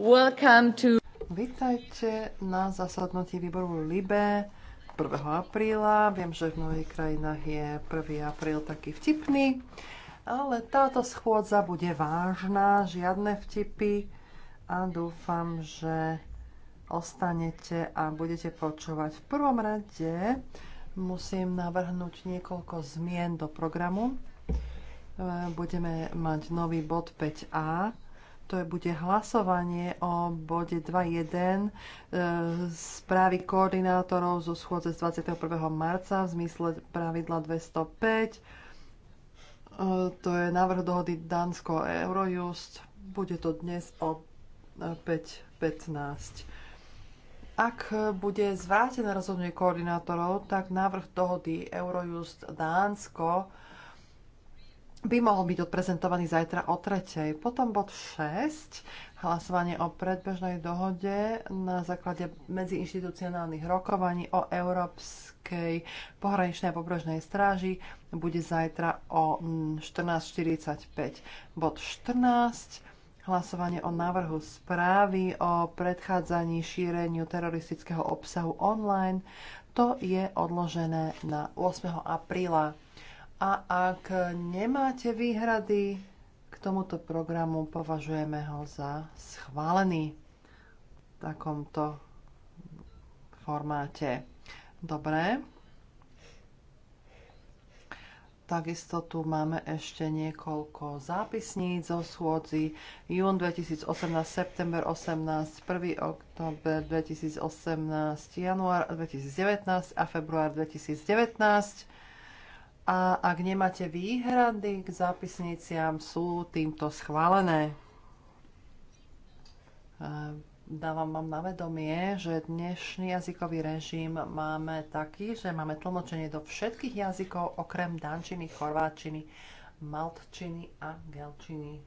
Welcome to... Vítajte na zasadnutí výboru LIBE 1. apríla. Viem, že v mnohých krajinách je 1. apríl taký vtipný, ale táto schôdza bude vážna, žiadne vtipy a dúfam, že ostanete a budete počúvať. V prvom rade musím navrhnúť niekoľko zmien do programu. E, budeme mať nový bod 5a, to je, bude hlasovanie o bode 2.1 e, správy koordinátorov zo schôdze z 21. marca v zmysle pravidla 205. E, to je návrh dohody Dánsko-Eurojust. Bude to dnes o 5.15. E, Ak bude zvrátené rozhodnutie koordinátorov, tak návrh dohody Eurojust Dánsko by mohol byť odprezentovaný zajtra o tretej. Potom bod 6, hlasovanie o predbežnej dohode na základe medziinštitucionálnych rokovaní o Európskej pohraničnej a pobrežnej stráži bude zajtra o 14.45. Bod 14, hlasovanie o návrhu správy o predchádzaní šíreniu teroristického obsahu online. To je odložené na 8. apríla a ak nemáte výhrady k tomuto programu, považujeme ho za schválený v takomto formáte. Dobre. Takisto tu máme ešte niekoľko zápisníc zo schôdzi. Jún 2018, september 18, 1. október 2018, január 2019 a február 2019. A ak nemáte výhrady k zápisniciam, sú týmto schválené. Dávam vám na vedomie, že dnešný jazykový režim máme taký, že máme tlmočenie do všetkých jazykov okrem dančiny, chorváčiny, maltčiny a gelčiny.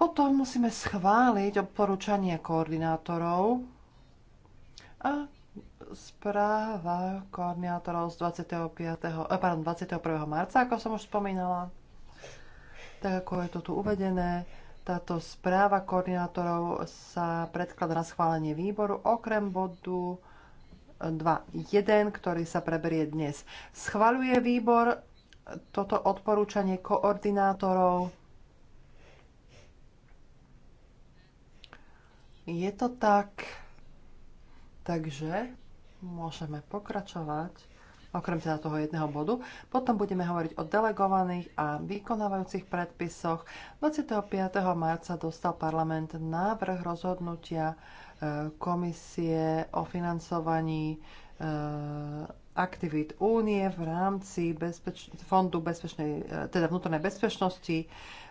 Potom musíme schváliť odporúčanie koordinátorov a správa koordinátorov z 25. Eh, pardon, 21. marca, ako som už spomínala. Tak ako je to tu uvedené, táto správa koordinátorov sa predklada na schválenie výboru okrem bodu 2.1, ktorý sa preberie dnes. Schvaluje výbor toto odporúčanie koordinátorov. Je to tak. Takže môžeme pokračovať, okrem teda toho jedného bodu. Potom budeme hovoriť o delegovaných a vykonávajúcich predpisoch. 25. marca dostal parlament návrh rozhodnutia e, komisie o financovaní e, aktivít únie v rámci bezpeč- fondu bezpečnej, e, teda vnútornej bezpečnosti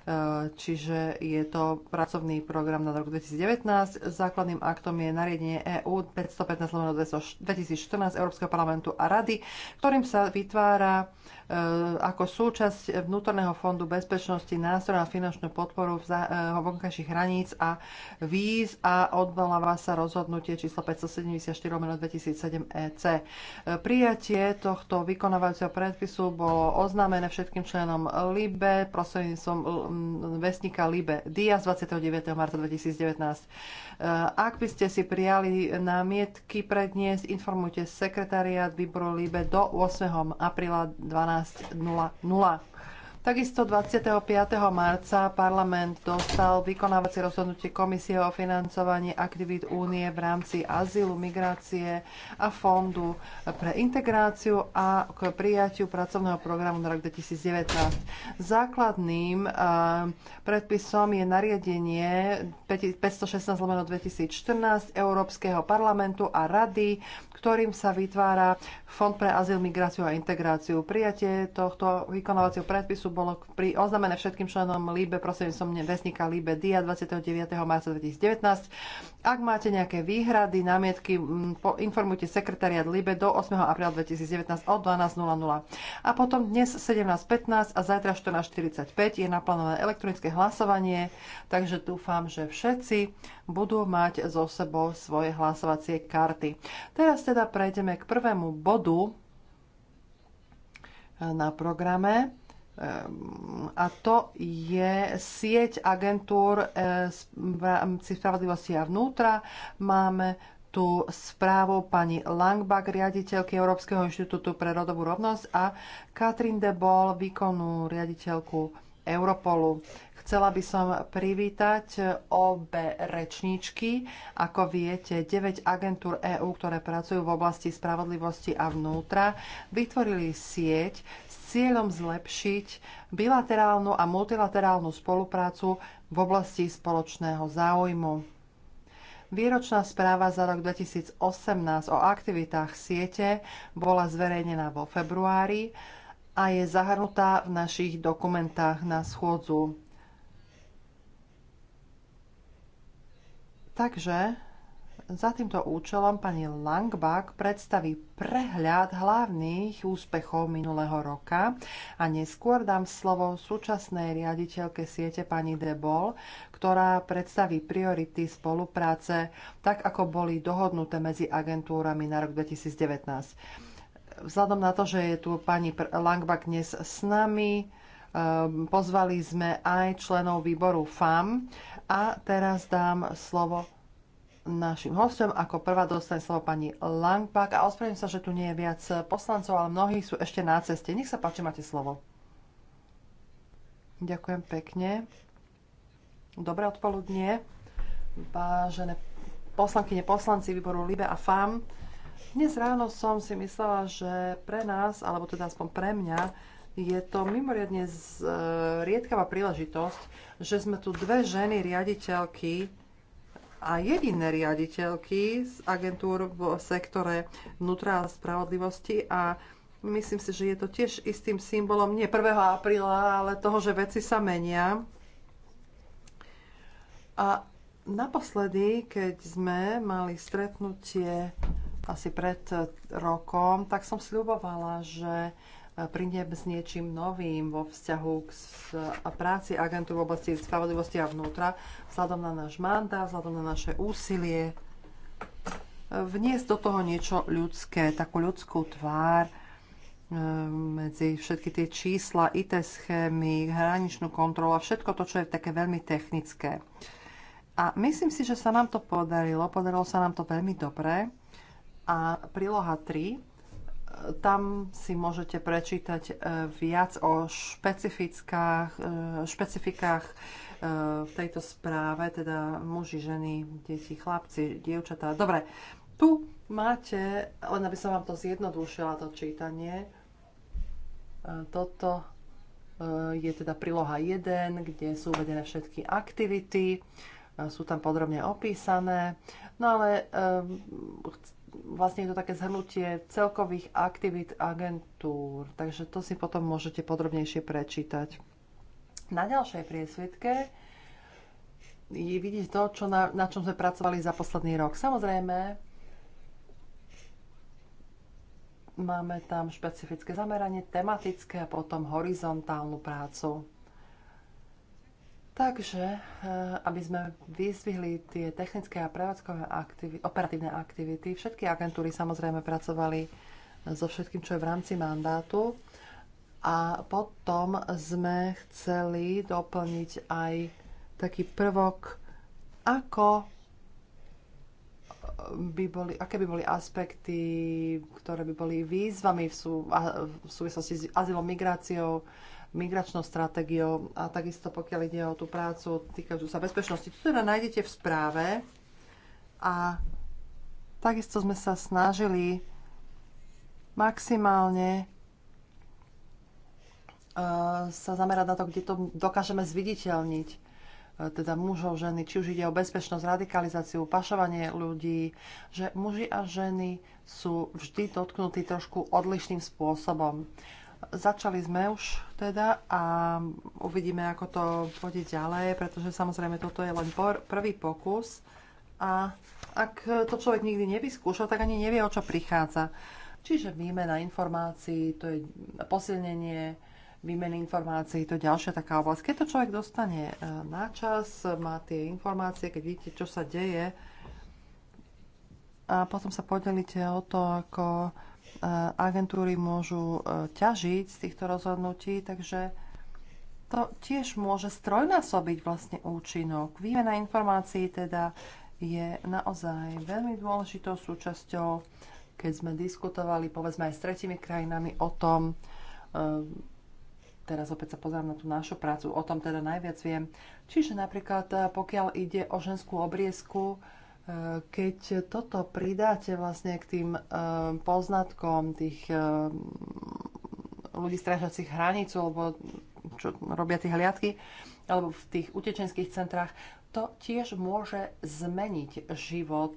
Eh, čiže je to pracovný program na rok 2019. Základným aktom je nariadenie EU 515 2014 Európskeho parlamentu a Rady, ktorým sa vytvára eh, ako súčasť vnútorného fondu bezpečnosti nástroj na finančnú podporu eh, vonkajších hraníc a víz a odvoláva sa rozhodnutie číslo 574 2007 EC. Prijatie tohto vykonávajúceho predpisu bolo oznámené všetkým členom LIBE prostredníctvom Mm, vestníka Libe Dia z 29. marca 2019. Eh, ak by ste si prijali námietky predniesť, informujte sekretariat výboru Libe do 8. apríla 12.00. Takisto 25. marca parlament dostal vykonávacie rozhodnutie Komisie o financovaní aktivít únie v rámci azylu, migrácie a fondu pre integráciu a k prijatiu pracovného programu na rok 2019. Základným eh, predpisom je nariadenie 516 2014 Európskeho parlamentu a rady ktorým sa vytvára Fond pre azyl, migráciu a integráciu. Prijatie tohto vykonávacieho predpisu bolo pri oznamené všetkým členom LIBE som vesníka LIBE DIA 29. marca 2019 ak máte nejaké výhrady, námietky, informujte sekretariat LIBE do 8. apríla 2019 o 12.00. A potom dnes 17.15 a zajtra 14.45 je naplánované elektronické hlasovanie, takže dúfam, že všetci budú mať so sebou svoje hlasovacie karty. Teraz teda prejdeme k prvému bodu na programe Ehm, a to je sieť agentúr e, v rámci spravodlivosti a vnútra. Máme tú správu pani Langbach, riaditeľky Európskeho inštitútu pre rodovú rovnosť a Katrin de Bol, výkonnú riaditeľku Europolu. Chcela by som privítať obe rečníčky. Ako viete, 9 agentúr EÚ, ktoré pracujú v oblasti spravodlivosti a vnútra, vytvorili sieť cieľom zlepšiť bilaterálnu a multilaterálnu spoluprácu v oblasti spoločného záujmu. Výročná správa za rok 2018 o aktivitách siete bola zverejnená vo februári a je zahrnutá v našich dokumentách na schôdzu. Takže za týmto účelom pani Langbach predstaví prehľad hlavných úspechov minulého roka a neskôr dám slovo súčasnej riaditeľke siete pani Debol, ktorá predstaví priority spolupráce tak, ako boli dohodnuté medzi agentúrami na rok 2019. Vzhľadom na to, že je tu pani Langbach dnes s nami, ehm, pozvali sme aj členov výboru FAM a teraz dám slovo našim hostom. Ako prvá dostane slovo pani Langpak a ospravedlňujem sa, že tu nie je viac poslancov, ale mnohí sú ešte na ceste. Nech sa páči, máte slovo. Ďakujem pekne. Dobré odpoludnie. Vážené poslankyne, poslanci výboru LIBE a FAM. Dnes ráno som si myslela, že pre nás, alebo teda aspoň pre mňa, je to mimoriadne z, e, príležitosť, že sme tu dve ženy riaditeľky a jediné riaditeľky z agentúr v sektore vnútra a spravodlivosti a myslím si, že je to tiež istým symbolom nie 1. apríla, ale toho, že veci sa menia. A naposledy, keď sme mali stretnutie asi pred rokom, tak som sľubovala, že prídem s niečím novým vo vzťahu k práci agentu v oblasti spravodlivosti a vnútra, vzhľadom na náš mandát, vzhľadom na naše úsilie, e, vniesť do toho niečo ľudské, takú ľudskú tvár e, medzi všetky tie čísla, IT schémy, hraničnú kontrolu a všetko to, čo je také veľmi technické. A myslím si, že sa nám to podarilo. Podarilo sa nám to veľmi dobre. A príloha 3 tam si môžete prečítať e, viac o e, špecifikách, špecifikách v tejto správe, teda muži, ženy, deti, chlapci, dievčatá. Dobre, tu máte, len aby som vám to zjednodušila, to čítanie, e, toto je teda príloha 1, kde sú uvedené všetky aktivity, sú tam podrobne opísané, no ale vlastne je to také zhrnutie celkových aktivít agentúr, takže to si potom môžete podrobnejšie prečítať. Na ďalšej priesvitke je vidieť to, čo na, na čom sme pracovali za posledný rok. Samozrejme, máme tam špecifické zameranie, tematické a potom horizontálnu prácu. Takže, e, aby sme vyzvihli tie technické a prevádzkové aktivity, operatívne aktivity, všetky agentúry samozrejme pracovali e, so všetkým, čo je v rámci mandátu. A potom sme chceli doplniť aj taký prvok, ako e, by boli, aké by boli aspekty, ktoré by boli výzvami v, sú, v súvislosti s azylom, migráciou, migračnou stratégiou a takisto pokiaľ ide o tú prácu týkajúcu sa bezpečnosti. Tu teda nájdete v správe a takisto sme sa snažili maximálne e, sa zamerať na to, kde to dokážeme zviditeľniť e, teda mužov, ženy, či už ide o bezpečnosť, radikalizáciu, pašovanie ľudí, že muži a ženy sú vždy dotknutí trošku odlišným spôsobom. Začali sme už teda a uvidíme, ako to pôjde ďalej, pretože samozrejme toto je len por, prvý pokus a ak to človek nikdy nevyskúša, tak ani nevie, o čo prichádza. Čiže výmena informácií, to je posilnenie výmeny informácií, to je ďalšia taká oblasť. Keď to človek dostane e, na čas, má tie informácie, keď vidíte, čo sa deje, a potom sa podelíte o to, ako Eh, agentúry môžu eh, ťažiť z týchto rozhodnutí, takže to tiež môže strojnásobiť vlastne účinok. Výmena informácií teda je naozaj veľmi dôležitou súčasťou, keď sme diskutovali povedzme aj s tretimi krajinami o tom, eh, teraz opäť sa pozerám na tú našu prácu, o tom teda najviac viem. Čiže napríklad pokiaľ ide o ženskú obriezku, keď toto pridáte vlastne k tým eh, poznatkom tých eh, ľudí strážacích hranicu, alebo čo robia tie hliadky, alebo v tých utečenských centrách, to tiež môže zmeniť život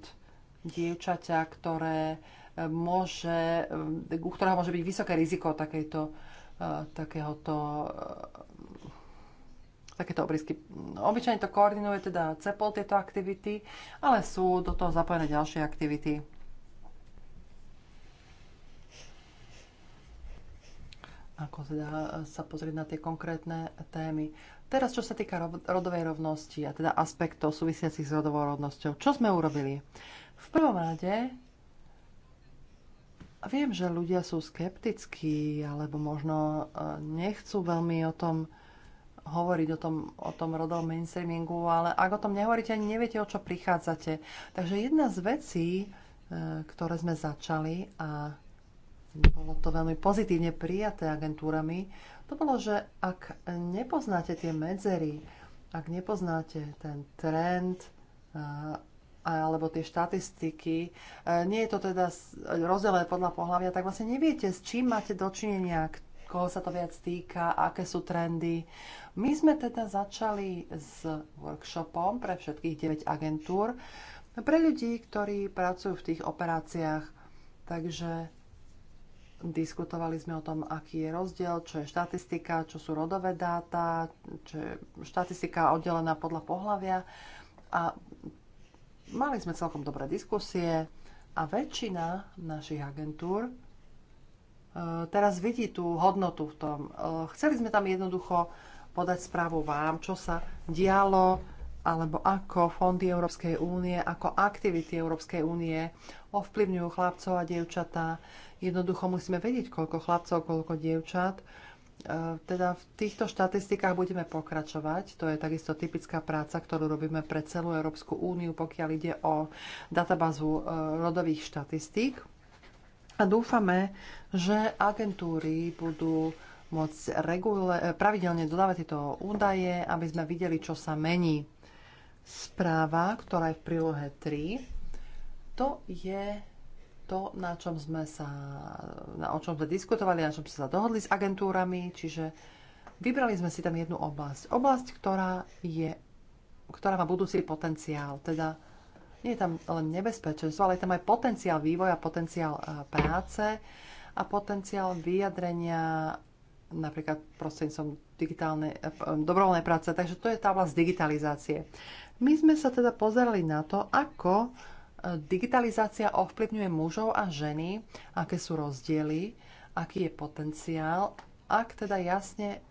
dievčaťa, ktoré eh, môže, u ktorého môže byť vysoké riziko takéhoto takéto obrisky. No, obyčajne to koordinuje teda CEPOL tieto aktivity, ale sú do toho zapojené ďalšie aktivity. Ako teda e, sa pozrieť na tie konkrétne témy. Teraz, čo sa týka rodovej rovnosti a teda aspektov súvisiacich s rodovou rovnosťou, čo sme urobili? V prvom rade viem, že ľudia sú skeptickí alebo možno e, nechcú veľmi o tom hovoriť o tom, o tom rodovom mainstreamingu, ale ak o tom nehovoríte, ani neviete, o čo prichádzate. Takže jedna z vecí, e, ktoré sme začali a bolo to veľmi pozitívne prijaté agentúrami, to bolo, že ak nepoznáte tie medzery, ak nepoznáte ten trend e, alebo tie štatistiky, e, nie je to teda rozdelené podľa pohľavia, tak vlastne neviete, s čím máte dočinenia, koho sa to viac týka, aké sú trendy. My sme teda začali s workshopom pre všetkých 9 agentúr pre ľudí, ktorí pracujú v tých operáciách. Takže diskutovali sme o tom, aký je rozdiel, čo je štatistika, čo sú rodové dáta, čo je štatistika oddelená podľa pohľavia. A mali sme celkom dobré diskusie a väčšina našich agentúr Eh, teraz vidí tú hodnotu v tom. Eh, chceli sme tam jednoducho podať správu vám, čo sa dialo, alebo ako fondy Európskej únie, ako aktivity Európskej únie ovplyvňujú chlapcov a dievčatá. Jednoducho musíme vedieť, koľko chlapcov, koľko dievčat. Eh, teda v týchto štatistikách budeme pokračovať. To je takisto typická práca, ktorú robíme pre celú Európsku úniu, pokiaľ ide o databázu rodových štatistík a dúfame, že agentúry budú môcť regule, pravidelne dodávať tieto údaje, aby sme videli, čo sa mení. Správa, ktorá je v prílohe 3, to je to, na čom sme sa, na, o čom sme diskutovali, na čom sme sa dohodli s agentúrami, čiže vybrali sme si tam jednu oblasť. Oblasť, ktorá, je, ktorá má budúci potenciál, teda nie je tam len nebezpečenstvo, ale je tam aj potenciál vývoja, potenciál e, práce a potenciál vyjadrenia napríklad prostredníctvom digitálnej, e, e, dobrovoľnej práce. Takže to je tá vlast digitalizácie. My sme sa teda pozerali na to, ako digitalizácia ovplyvňuje mužov a ženy, aké sú rozdiely, aký je potenciál, ak teda jasne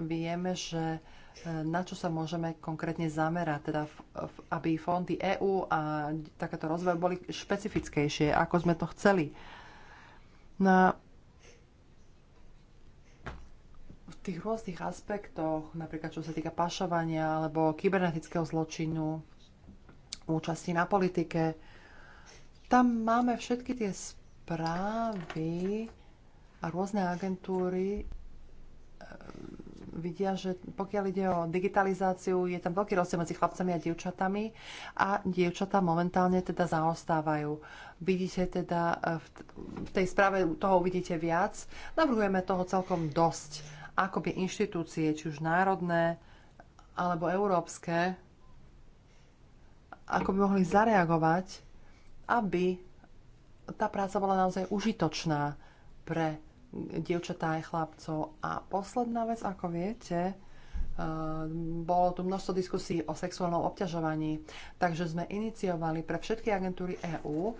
vieme, že na čo sa môžeme konkrétne zamerať, teda aby fondy EÚ a takéto rozvoj boli špecifickejšie, ako sme to chceli. Na v tých rôznych aspektoch, napríklad čo sa týka pašovania alebo kybernetického zločinu, účasti na politike, tam máme všetky tie správy a rôzne agentúry vidia, že pokiaľ ide o digitalizáciu, je tam veľký rozdiel medzi chlapcami a dievčatami a dievčatá momentálne teda zaostávajú. Vidíte teda, e, v tej správe toho uvidíte viac. Navrhujeme toho celkom dosť. Ako by inštitúcie, či už národné alebo európske, ako by mohli zareagovať, aby tá práca bola naozaj užitočná pre dievčatá aj chlapcov. A posledná vec, ako viete, e, bolo tu množstvo diskusí o sexuálnom obťažovaní, takže sme iniciovali pre všetky agentúry EÚ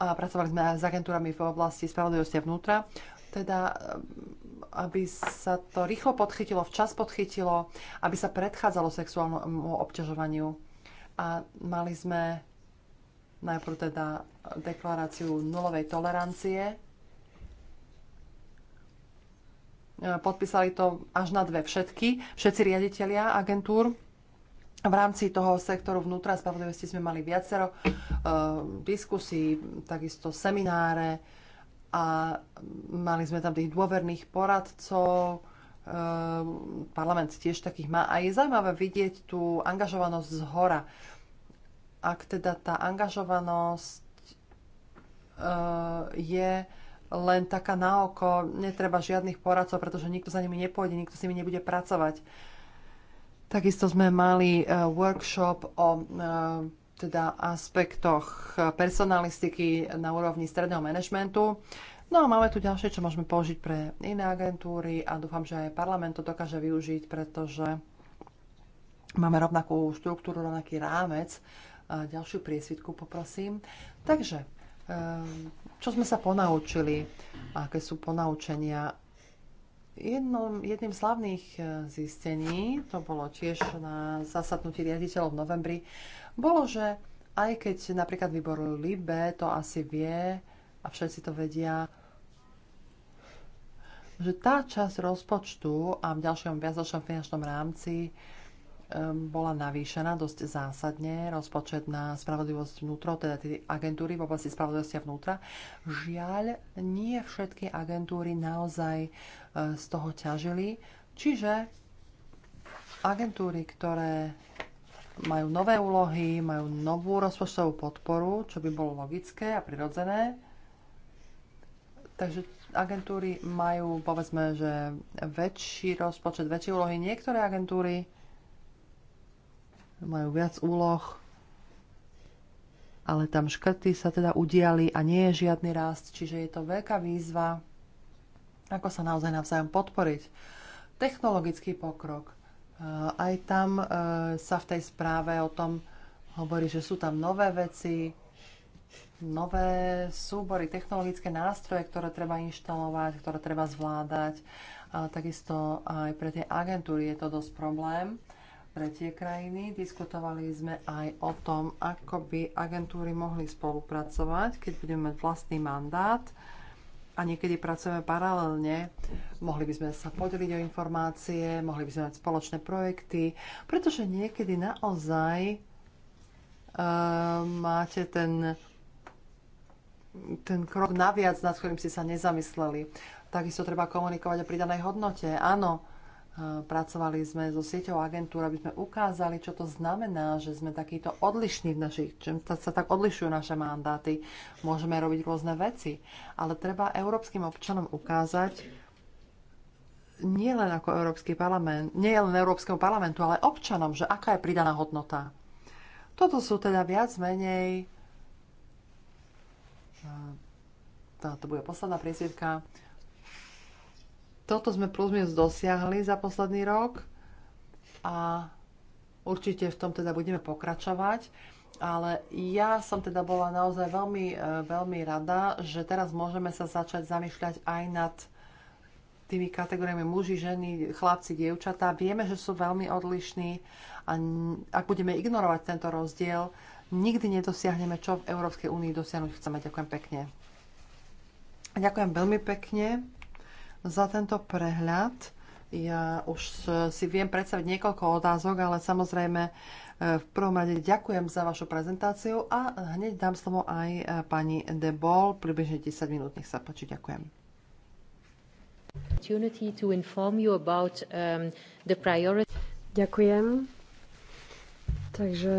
a pracovali sme aj s agentúrami v oblasti spravodlivosti vnútra, teda e, aby sa to rýchlo podchytilo, včas podchytilo, aby sa predchádzalo sexuálnemu obťažovaniu. A mali sme Najprv teda deklaráciu nulovej tolerancie. E, podpísali to až na dve všetky, všetci riaditeľia agentúr. V rámci toho sektoru vnútra spravodlivosti sme mali viacero e, diskusí, takisto semináre a mali sme tam tých dôverných poradcov, e, parlament tiež takých má. A je zaujímavé vidieť tú angažovanosť z hora ak teda tá angažovanosť eh, je len taká na oko, netreba žiadnych poradcov, pretože nikto za nimi nepôjde, nikto s nimi nebude pracovať. Takisto sme mali eh, workshop o eh, teda aspektoch personalistiky na úrovni stredného manažmentu. No a máme tu ďalšie, čo môžeme použiť pre iné agentúry a dúfam, že aj parlament to dokáže využiť, pretože máme rovnakú štruktúru, rovnaký rámec ďalšiu priesvitku poprosím. Takže, eh, čo sme sa ponaučili, aké sú ponaučenia? Jednom, jedným z hlavných eh, zistení, to bolo tiež na zasadnutí riaditeľov v novembri, bolo, že aj keď napríklad výbor Libe to asi vie a všetci to vedia, že tá časť rozpočtu a v ďalšom viacočnom finančnom rámci Ehm, bola navýšená dosť zásadne rozpočet na spravodlivosť vnútro, teda tie agentúry v oblasti spravodlivosti vnútra. Žiaľ, nie všetky agentúry naozaj eh, z toho ťažili, čiže agentúry, ktoré majú nové úlohy, majú novú rozpočtovú podporu, čo by bolo logické a prirodzené. Takže agentúry majú, povedzme, že väčší rozpočet, väčšie úlohy. Niektoré agentúry majú viac úloh, ale tam škrty sa teda udiali a nie je žiadny rast, čiže je to veľká výzva, ako sa naozaj navzájom podporiť. Technologický pokrok. Eh, aj tam eh, sa v tej správe o tom hovorí, že sú tam nové veci, nové súbory, technologické nástroje, ktoré treba inštalovať, ktoré treba zvládať. takisto aj pre tie agentúry je to dosť problém tretie krajiny. Diskutovali sme aj o tom, ako by agentúry mohli spolupracovať, keď budeme mať vlastný mandát a niekedy pracujeme paralelne. Mohli by sme sa podeliť o informácie, mohli by sme mať spoločné projekty, pretože niekedy naozaj uh, máte ten, ten krok naviac, nad ktorým ste sa nezamysleli. Takisto treba komunikovať o pridanej hodnote. Áno, E, pracovali sme so sieťou agentúr, aby sme ukázali, čo to znamená, že sme takýto odlišní v našich, čím sa tak odlišujú naše mandáty. Môžeme robiť rôzne veci, ale treba európskym občanom ukázať, nie len ako Európsky parlament, nie len Európskemu parlamentu, ale občanom, že aká je pridaná hodnota. Toto sú teda viac menej e, táto bude posledná priesvietka, toto sme plus minus dosiahli za posledný rok a určite v tom teda budeme pokračovať. Ale ja som teda bola naozaj veľmi, e, veľmi rada, že teraz môžeme sa začať zamýšľať aj nad tými kategóriami muži, ženy, chlapci, dievčatá. Vieme, že sú veľmi odlišní a ak budeme ignorovať tento rozdiel, nikdy nedosiahneme, čo v Európskej únii dosiahnuť chceme. Ďakujem pekne. Ďakujem veľmi pekne za tento prehľad. Ja už si viem predstaviť niekoľko otázok, ale samozrejme e, v prvom rade ďakujem za vašu prezentáciu a hneď dám slovo aj e, pani Debol, približne 10 minút, nech sa páči, ďakujem. Um, ďakujem. Takže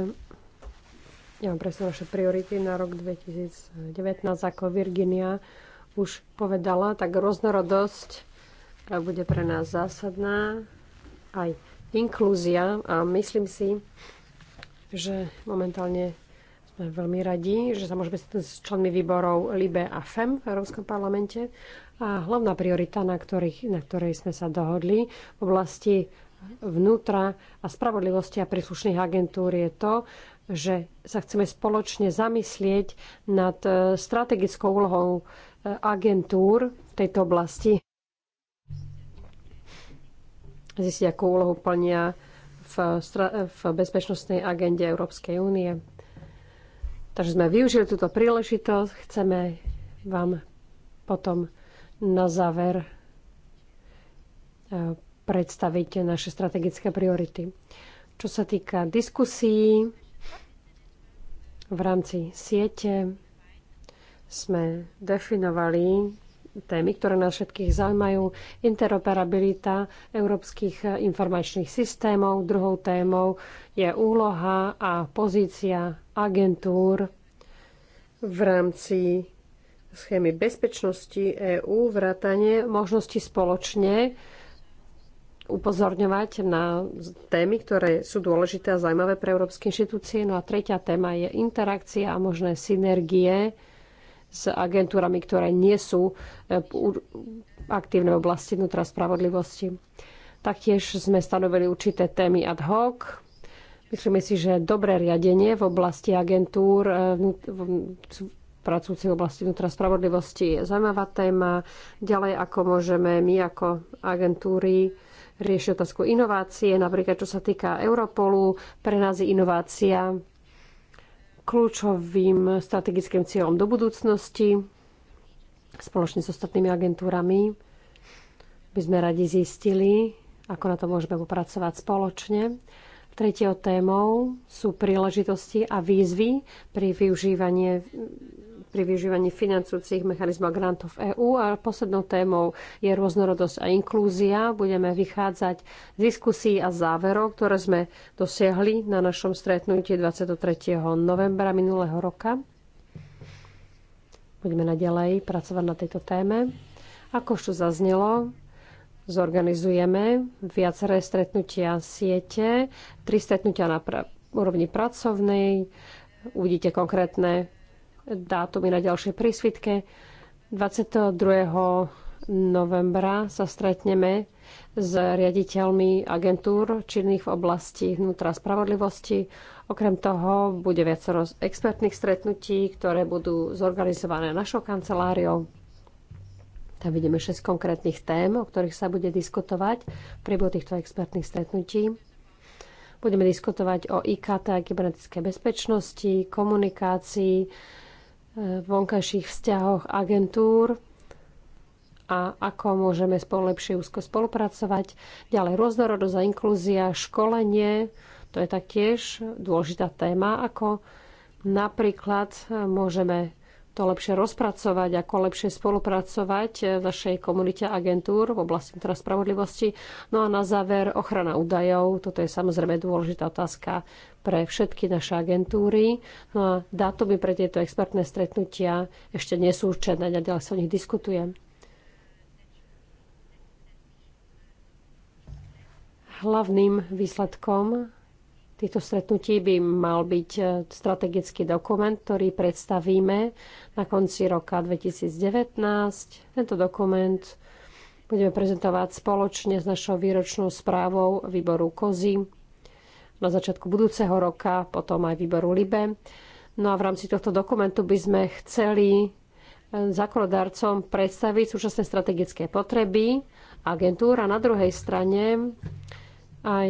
ja mám presne vaše priority na rok 2019 ako Virginia už povedala, tak rôznorodosť bude pre nás zásadná, aj inklúzia. A myslím si, že momentálne sme veľmi radi, že sa môžeme stretnúť s členmi výborov LIBE a FEM v Európskom parlamente. A hlavná priorita, na, ktorých, na ktorej sme sa dohodli v oblasti vnútra a spravodlivosti a príslušných agentúr je to, že sa chceme spoločne zamyslieť nad eh, strategickou úlohou agentúr v tejto oblasti. Zistiť, akú úlohu plnia v, v bezpečnostnej agende Európskej únie. Takže sme využili túto príležitosť. Chceme vám potom na záver e, predstaviť naše strategické priority. Čo sa týka diskusí v rámci siete, sme definovali témy, ktoré nás všetkých zaujímajú. Interoperabilita európskych eh, informačných systémov. Druhou témou je úloha a pozícia agentúr v rámci schémy bezpečnosti EÚ, vrátanie možnosti spoločne upozorňovať na témy, ktoré sú dôležité a zaujímavé pre európske inštitúcie. No a tretia téma je interakcia a možné synergie s agentúrami, ktoré nie sú e, aktívne v oblasti vnútra spravodlivosti. Taktiež sme stanovili určité témy ad hoc. Myslíme si, že dobré riadenie v oblasti agentúr e, pracujúci v oblasti vnútra spravodlivosti je zaujímavá téma. Ďalej, ako môžeme my ako agentúry riešiť otázku inovácie, napríklad čo sa týka Europolu. Pre nás je inovácia kľúčovým strategickým cieľom do budúcnosti spoločne s ostatnými agentúrami by sme radi zistili, ako na to môžeme popracovať spoločne. Tretiou témou sú príležitosti a výzvy pri využívaní pri využívaní financujúcich mechanizmov grantov EÚ. A poslednou témou je rôznorodosť a inklúzia. Budeme vychádzať z diskusí a záverov, ktoré sme dosiahli na našom stretnutí 23. novembra minulého roka. Budeme naďalej pracovať na tejto téme. Ako už tu zaznelo, zorganizujeme viaceré stretnutia siete, tri stretnutia na úrovni pracovnej, uvidíte konkrétne dátumy na ďalšie prísvitke. 22. novembra sa stretneme s riaditeľmi agentúr činných v oblasti vnútra spravodlivosti. Okrem toho bude viacero expertných stretnutí, ktoré budú zorganizované našou kanceláriou. Tam vidíme 6 konkrétnych tém, o ktorých sa bude diskutovať v priebehu týchto expertných stretnutí. Budeme diskutovať o IKT a kybernetickej bezpečnosti, komunikácii, vonkajších vzťahoch agentúr a ako môžeme spolu lepšie úzko spolupracovať. Ďalej rôznorodosť a inklúzia, školenie, to je taktiež dôležitá téma, ako napríklad môžeme to lepšie rozpracovať, ako lepšie spolupracovať v našej komunite agentúr v oblasti teraz spravodlivosti. No a na záver ochrana údajov. Toto je samozrejme dôležitá otázka pre všetky naše agentúry. No a dátumy pre tieto expertné stretnutia ešte nie sú určené, ďalej sa o nich diskutuje. Hlavným výsledkom týchto stretnutí by mal byť e, strategický dokument, ktorý predstavíme na konci roka 2019. Tento dokument budeme prezentovať spoločne s našou výročnou správou výboru KOZY na začiatku budúceho roka, potom aj výboru LIBE. No a v rámci tohto dokumentu by sme chceli e, zákonodarcom predstaviť súčasné strategické potreby agentúr a na druhej strane aj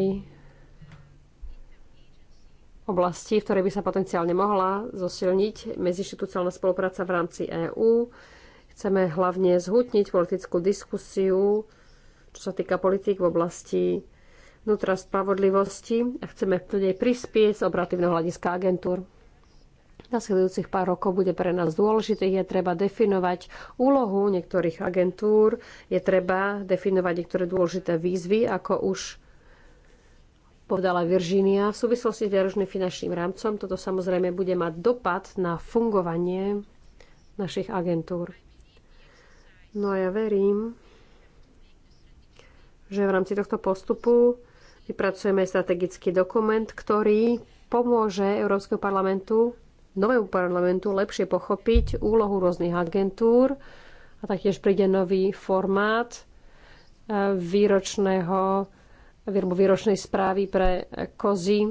oblasti, v ktorej by sa potenciálne mohla zosilniť medzištitucionálna spolupráca v rámci EÚ. Chceme hlavne zhutniť politickú diskusiu, čo sa týka politik v oblasti vnútra spravodlivosti a chceme v nej prispieť z operatívneho hľadiska agentúr. sledujúcich pár rokov bude pre nás dôležité. Je treba definovať úlohu niektorých agentúr, je treba definovať niektoré dôležité výzvy, ako už povedala Virginia. V súvislosti s viaročným finančným rámcom toto samozrejme bude mať dopad na fungovanie našich agentúr. No a ja verím, že v rámci tohto postupu vypracujeme strategický dokument, ktorý pomôže Európskeho parlamentu, novému parlamentu lepšie pochopiť úlohu rôznych agentúr a taktiež príde nový formát e, výročného výročnej správy pre kozy,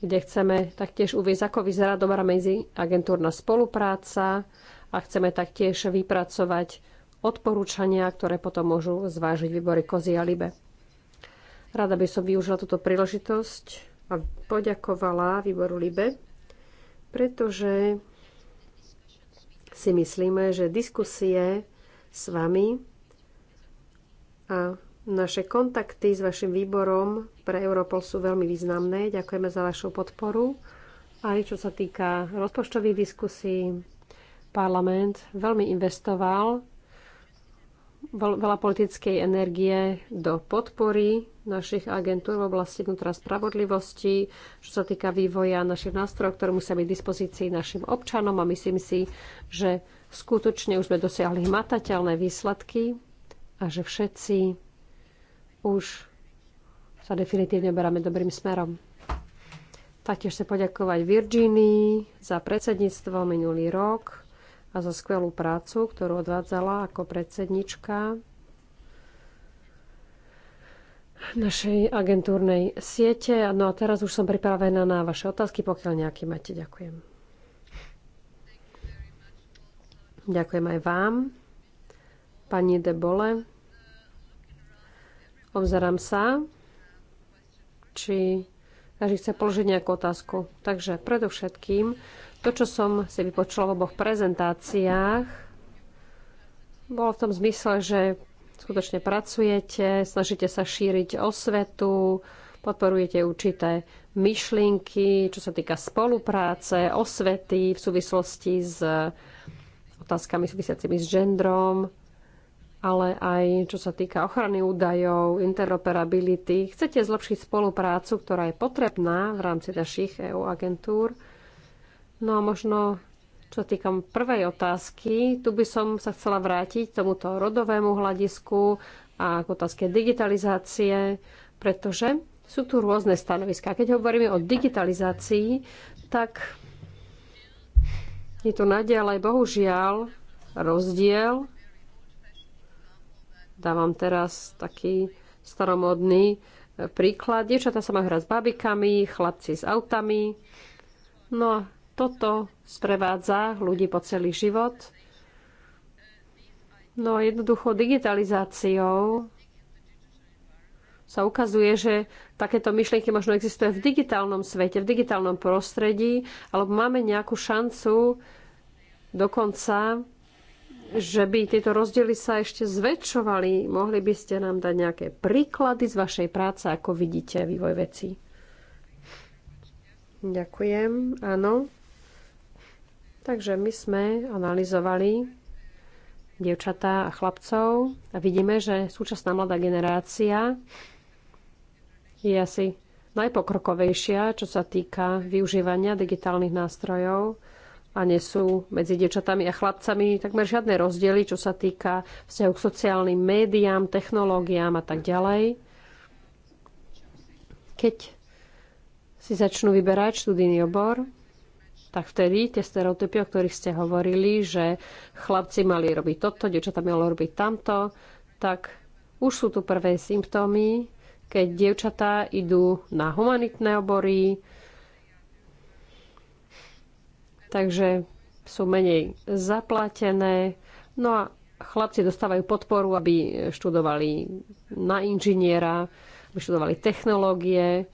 kde chceme taktiež uvieť, ako vyzerá dobrá medzi agentúrna spolupráca a chceme taktiež vypracovať odporúčania, ktoré potom môžu zvážiť výbory kozy a libe. Rada by som využila túto príležitosť a poďakovala výboru LIBE, pretože si myslíme, že diskusie s vami a naše kontakty s vašim výborom pre Europol sú veľmi významné. Ďakujeme za vašu podporu. Aj čo sa týka rozpočtových diskusí, parlament veľmi investoval veľa politickej energie do podpory našich agentúr v oblasti vnútra spravodlivosti, čo sa týka vývoja našich nástrojov, ktoré musia byť v dispozícii našim občanom a myslím si, že skutočne už sme dosiahli matateľné výsledky a že všetci už sa definitívne beráme dobrým smerom. Taktiež sa poďakovať Virginii za predsedníctvo minulý rok a za skvelú prácu, ktorú odvádzala ako predsednička našej agentúrnej siete. No a teraz už som pripravená na vaše otázky, pokiaľ nejaké máte. Ďakujem. Ďakujem aj vám, pani Debole, Obzerám sa, či každý chce položiť nejakú otázku. Takže predovšetkým, to, čo som si vypočula v oboch prezentáciách, bolo v tom zmysle, že skutočne pracujete, snažíte sa šíriť osvetu, podporujete určité myšlienky, čo sa týka spolupráce, osvety v súvislosti s otázkami súvisiacimi s gendrom ale aj čo sa týka ochrany údajov, interoperability. Chcete zlepšiť spoluprácu, ktorá je potrebná v rámci našich EU agentúr. No a možno, čo sa týka prvej otázky, tu by som sa chcela vrátiť k tomuto rodovému hľadisku a k otázke digitalizácie, pretože sú tu rôzne stanoviská. Keď hovoríme o digitalizácii, tak je tu naďalej bohužiaľ rozdiel Dávam teraz taký staromodný e, príklad. Dievčatá sa majú hrať s babikami, chlapci s autami. No a toto sprevádza ľudí po celý život. No a jednoducho digitalizáciou sa ukazuje, že takéto myšlienky možno existuje v digitálnom svete, v digitálnom prostredí, alebo máme nejakú šancu dokonca že by tieto rozdiely sa ešte zväčšovali. Mohli by ste nám dať nejaké príklady z vašej práce, ako vidíte vývoj vecí? Ďakujem, áno. Takže my sme analyzovali dievčatá a chlapcov a vidíme, že súčasná mladá generácia je asi najpokrokovejšia, čo sa týka využívania digitálnych nástrojov a nie sú medzi dievčatami a chlapcami takmer žiadne rozdiely, čo sa týka vzťahu k sociálnym médiám, technológiám a tak ďalej. Keď si začnú vyberať študijný obor, tak vtedy tie stereotypy, o ktorých ste hovorili, že chlapci mali robiť toto, dievčatá mali robiť tamto, tak už sú tu prvé symptómy, keď dievčatá idú na humanitné obory, takže sú menej zaplatené. No a chlapci dostávajú podporu, aby študovali na inžiniera, aby študovali technológie.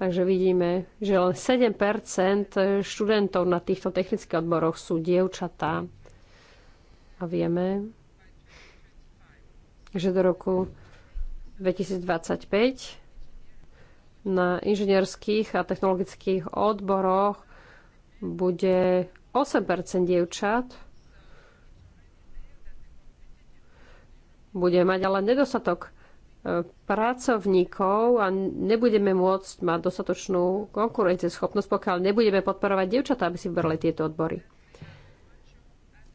Takže vidíme, že len 7 študentov na týchto technických odboroch sú dievčatá. A vieme, že do roku 2025 na inžinierských a technologických odboroch bude 8% dievčat. Bude mať ale nedostatok e, pracovníkov a nebudeme môcť mať dostatočnú konkurencieschopnosť, pokiaľ nebudeme podporovať dievčatá, aby si vybrali tieto odbory.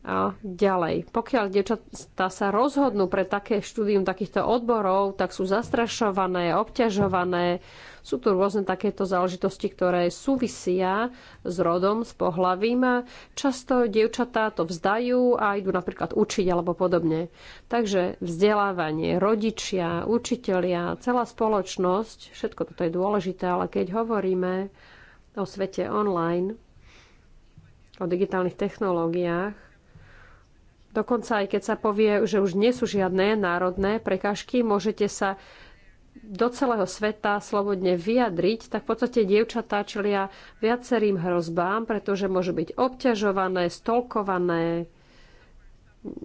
A ďalej, pokiaľ dievčatá sa rozhodnú pre také štúdium takýchto odborov, tak sú zastrašované, obťažované. Sú tu rôzne takéto záležitosti, ktoré súvisia s rodom, s pohlavím. často dievčatá to vzdajú a idú napríklad učiť alebo podobne. Takže vzdelávanie, rodičia, učitelia, celá spoločnosť, všetko toto je dôležité, ale keď hovoríme o svete online, o digitálnych technológiách, Dokonca aj keď sa povie, že už nie sú žiadne národné prekážky, môžete sa do celého sveta slobodne vyjadriť, tak v podstate dievčatá čelia viacerým hrozbám, pretože môžu byť obťažované, stolkované,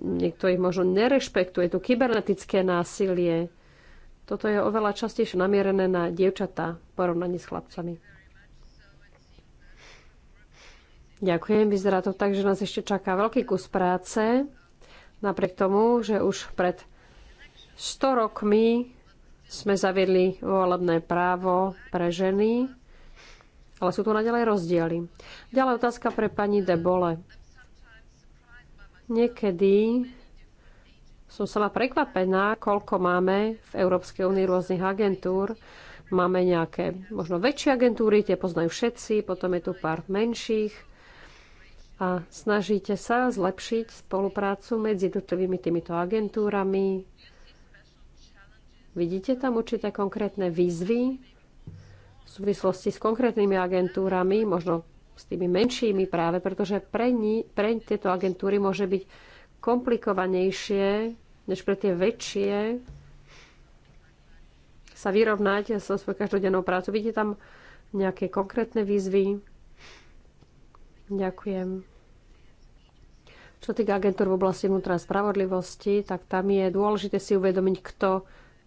niekto ich možno nerešpektuje, tu kybernetické násilie. Toto je oveľa častejšie namierené na dievčatá v porovnaní s chlapcami. Ďakujem, vyzerá to tak, že nás ešte čaká veľký kus práce. Napriek tomu, že už pred 100 rokmi sme zaviedli volebné právo pre ženy, ale sú tu naďalej rozdiely. Ďalej otázka pre pani Debole. Niekedy som sama prekvapená, koľko máme v Európskej únii rôznych agentúr. Máme nejaké možno väčšie agentúry, tie poznajú všetci, potom je tu pár menších a snažíte sa zlepšiť spoluprácu medzi jednotlivými týmito agentúrami. Vidíte tam určité konkrétne výzvy v súvislosti s konkrétnymi agentúrami, možno s tými menšími práve, pretože pre, ni, pre tieto agentúry môže byť komplikovanejšie než pre tie väčšie sa vyrovnať so svojou každodennou prácu. Vidíte tam nejaké konkrétne výzvy? Ďakujem. Čo týka agentúr v oblasti vnútra spravodlivosti, tak tam je dôležité si uvedomiť, kto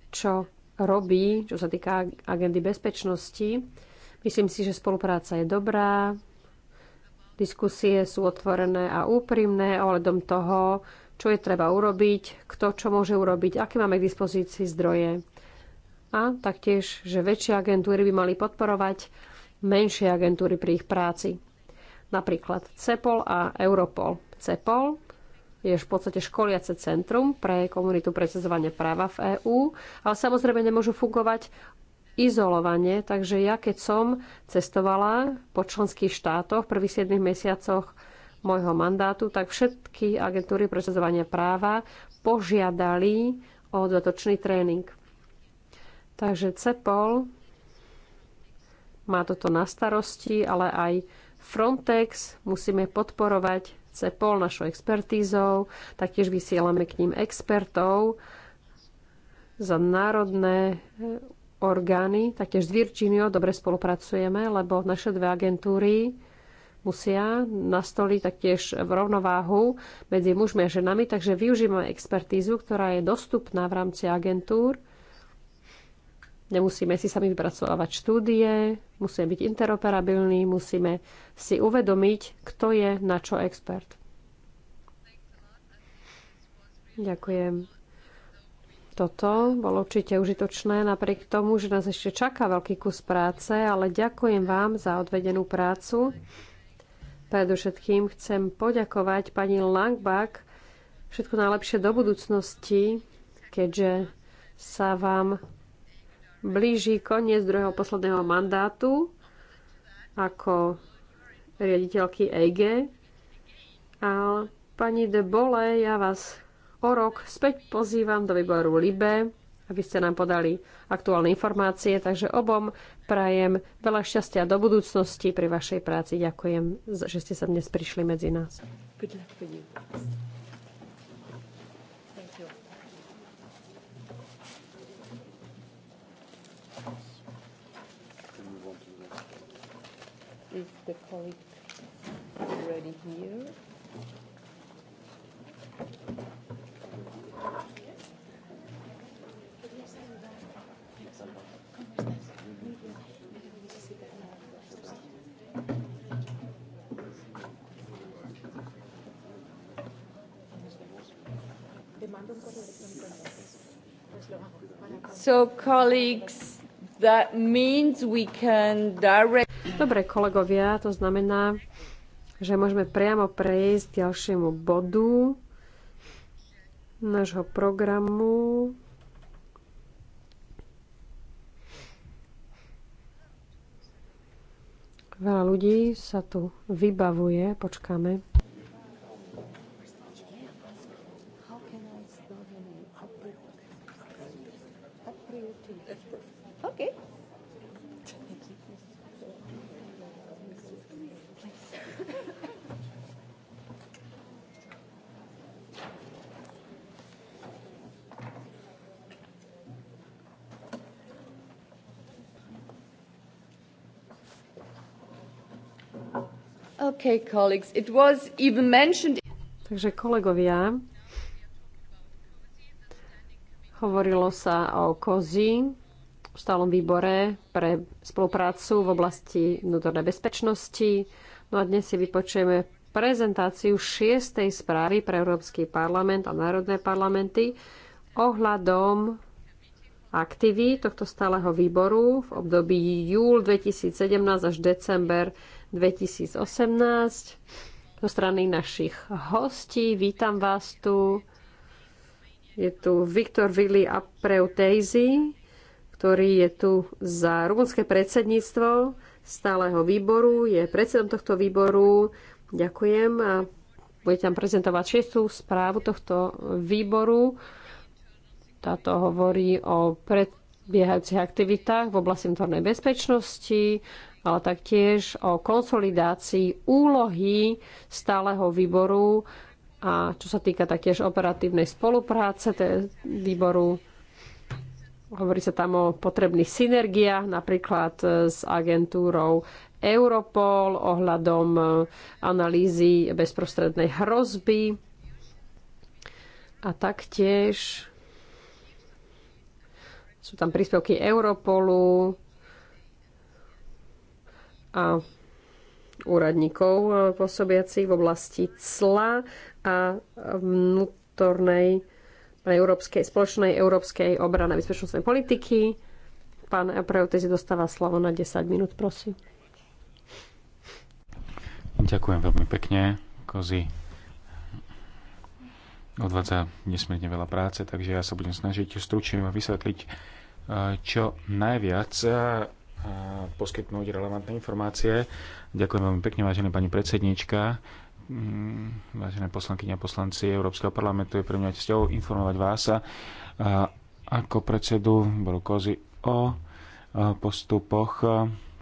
čo robí, čo sa týka agendy bezpečnosti. Myslím si, že spolupráca je dobrá, diskusie sú otvorené a úprimné ohľadom toho, čo je treba urobiť, kto čo môže urobiť, aké máme k dispozícii zdroje. A taktiež, že väčšie agentúry by mali podporovať menšie agentúry pri ich práci napríklad CEPOL a Europol. CEPOL je v podstate školiace centrum pre komunitu presadzovania práva v EÚ, ale samozrejme nemôžu fungovať izolovanie, takže ja keď som cestovala po členských štátoch v prvých 7 mesiacoch môjho mandátu, tak všetky agentúry presadzovania práva požiadali o dodatočný tréning. Takže CEPOL má toto na starosti, ale aj Frontex, musíme podporovať CEPOL našou expertízou, taktiež vysielame k ním expertov za národné e, orgány, taktiež s Virginio dobre spolupracujeme, lebo naše dve agentúry musia nastoliť taktiež v rovnováhu medzi mužmi a ženami, takže využívame expertízu, ktorá je dostupná v rámci agentúr Nemusíme si sami vypracovávať štúdie, musíme byť interoperabilní, musíme si uvedomiť, kto je na čo expert. Ďakujem. Toto bolo určite užitočné, napriek tomu, že nás ešte čaká veľký kus práce, ale ďakujem vám za odvedenú prácu. Predovšetkým chcem poďakovať pani Langbach všetko najlepšie do budúcnosti, keďže sa vám blíži koniec druhého posledného mandátu ako riaditeľky EG. A pani de Bole, ja vás o rok späť pozývam do výboru LIBE, aby ste nám podali aktuálne informácie, takže obom prajem veľa šťastia do budúcnosti pri vašej práci. Ďakujem, že ste sa dnes prišli medzi nás. Good luck for you. Is the colleague already here? So, colleagues, that means we can direct Dobre, kolegovia, to znamená, že môžeme priamo prejsť k ďalšiemu bodu nášho programu. Veľa ľudí sa tu vybavuje, počkáme. Okay, colleagues, it was even mentioned... Takže kolegovia, hovorilo sa o kozi v stálom výbore pre spoluprácu v oblasti vnútornej bezpečnosti. No a dnes si vypočujeme prezentáciu šiestej správy pre Európsky parlament a národné parlamenty ohľadom aktivít tohto stáleho výboru v období júl 2017 až december 2018 zo strany našich hostí. Vítam vás tu. Je tu Viktor Vili a Preutejzi, ktorý je tu za rumunské predsedníctvo stáleho výboru, je predsedom tohto výboru. Ďakujem a bude tam prezentovať šiestu správu tohto výboru. Táto hovorí o predbiehajúcich aktivitách v oblasti vnútornej bezpečnosti, ale taktiež o konsolidácii úlohy stáleho výboru a čo sa týka taktiež operatívnej spolupráce výboru. Hovorí sa tam o potrebných synergiách, napríklad s agentúrou Europol ohľadom analýzy bezprostrednej hrozby a taktiež sú tam príspevky Europolu, a úradníkov e, pôsobiacich v oblasti cla a vnútornej európskej, spoločnej európskej obrany a bezpečnostnej politiky. Pán si dostáva slovo na 10 minút, prosím. Ďakujem veľmi pekne, Kozy. Odvádza nesmierne veľa práce, takže ja sa budem snažiť stručne vysvetliť, e, čo najviac e, poskytnúť relevantné informácie. Ďakujem veľmi pekne, vážená pani predsedníčka, mm, vážené poslankyne a poslanci Európskeho parlamentu. Je pre mňa cťou informovať vás ako predsedu Brukozy o postupoch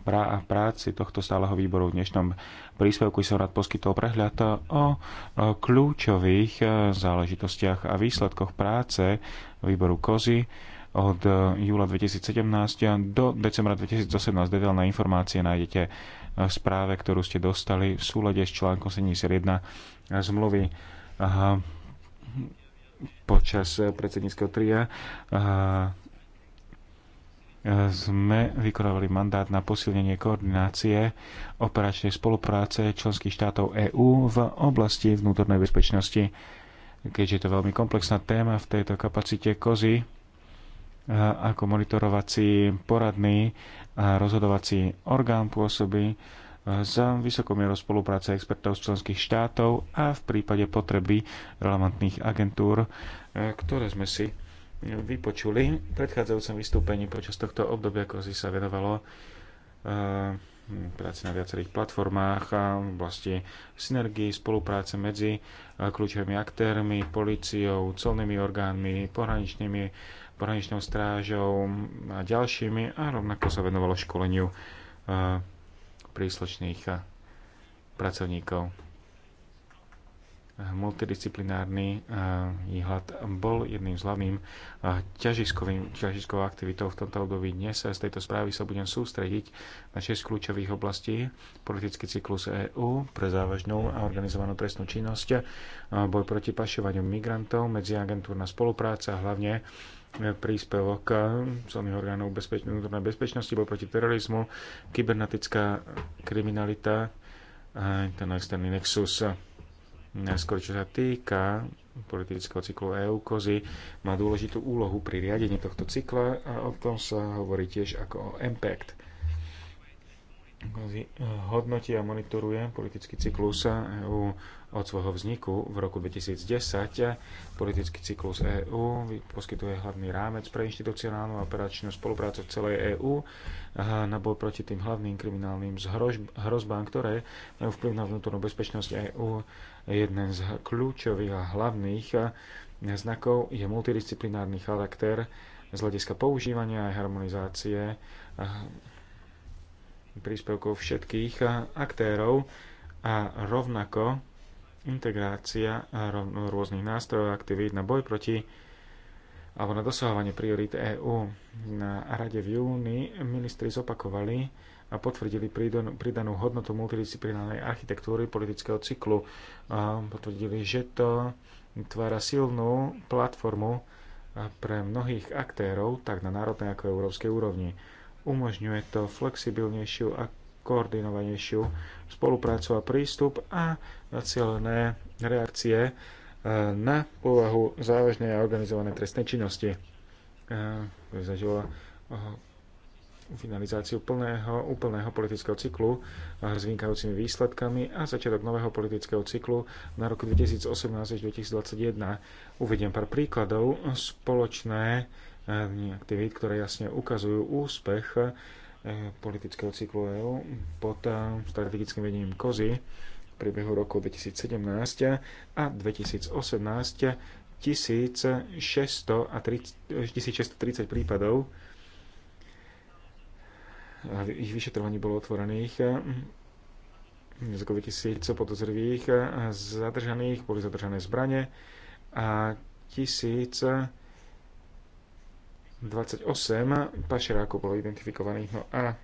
prá a práci tohto stáleho výboru. V dnešnom príspevku som rád poskytol prehľad o kľúčových e, záležitostiach a výsledkoch práce výboru Kozy od eh, júla 2017 do decembra 2018. Detailné informácie nájdete v správe, ktorú ste dostali v súlade s článkom 71 zmluvy počas eh, predsedníckého tria. Eh, sme vykonávali mandát na posilnenie koordinácie operačnej spolupráce členských štátov EÚ v oblasti vnútornej bezpečnosti. Keďže je to veľmi komplexná téma v tejto kapacite kozy, ako monitorovací, poradný a rozhodovací orgán pôsobí za e, vysokou mierou spolupráce expertov z členských štátov a v prípade potreby relevantných agentúr, e, ktoré sme si vypočuli. V predchádzajúcom vystúpení počas tohto obdobia si sa venovalo e, práci na viacerých platformách a oblasti synergii, spolupráce medzi kľúčovými aktérmi, políciou, colnými orgánmi, pohraničnými pohraničnou strážou a ďalšími a rovnako sa venovalo školeniu e, príslušných e, pracovníkov. Multidisciplinárny výhľad e, bol jedným z hlavným ťažiskovou aktivitou v tomto období. Dnes z tejto správy sa budem sústrediť na 6 kľúčových oblastí. Politický cyklus EÚ pre závažnú a organizovanú trestnú činnosť, boj proti pašovaniu migrantov, medziagentúrna spolupráca, hlavne príspevok celných eh, orgánov bezpečnosti, vnútornej bezpečnosti, boj proti terorizmu, kybernetická kriminalita a eh, ten externý nexus. Neskôr, čo sa týka politického cyklu EU, kozy má dôležitú úlohu pri riadení tohto cykla a o tom sa hovorí tiež ako o impact. Kozy eh, hodnotí a monitoruje politický cyklus EU od svojho vzniku v roku 2010. Politický cyklus EÚ poskytuje hlavný rámec pre inštitucionálnu a operačnú spoluprácu celej EÚ na boj proti tým hlavným kriminálnym hrozbám, ktoré majú vplyv na vnútornú bezpečnosť EÚ. Jeden z kľúčových a hlavných znakov je multidisciplinárny charakter z hľadiska používania a harmonizácie príspevkov všetkých aktérov a rovnako integrácia eh, rôznych nástrojov a aktivít na boj proti alebo na dosahovanie priorít EÚ. Na rade v júni ministri zopakovali a potvrdili pridanú hodnotu multidisciplinárnej architektúry politického cyklu. Potvrdili, že to vytvára silnú platformu eh, pre mnohých aktérov, tak na národnej ako európskej úrovni. Umožňuje to flexibilnejšiu a koordinovanejšiu spoluprácu a prístup a nacielené reakcie eh, na povahu závažnej a organizované trestnej činnosti. Eh, zažilo eh, finalizáciu plného, úplného politického cyklu s vynikajúcimi výsledkami a začiatok nového politického cyklu na roku 2018 až 2021. Uvediem pár príkladov spoločné aktivít, ktoré jasne ukazujú úspech politického cyklu EU pod strategickým vedením kozy priebehu roku 2017 a 2018 1630 prípadov a ich vyšetrovaní bolo otvorených hm, z 2000 podozrivých a zadržaných, boli zadržané zbranie a 1028 pašerákov bolo identifikovaných. No a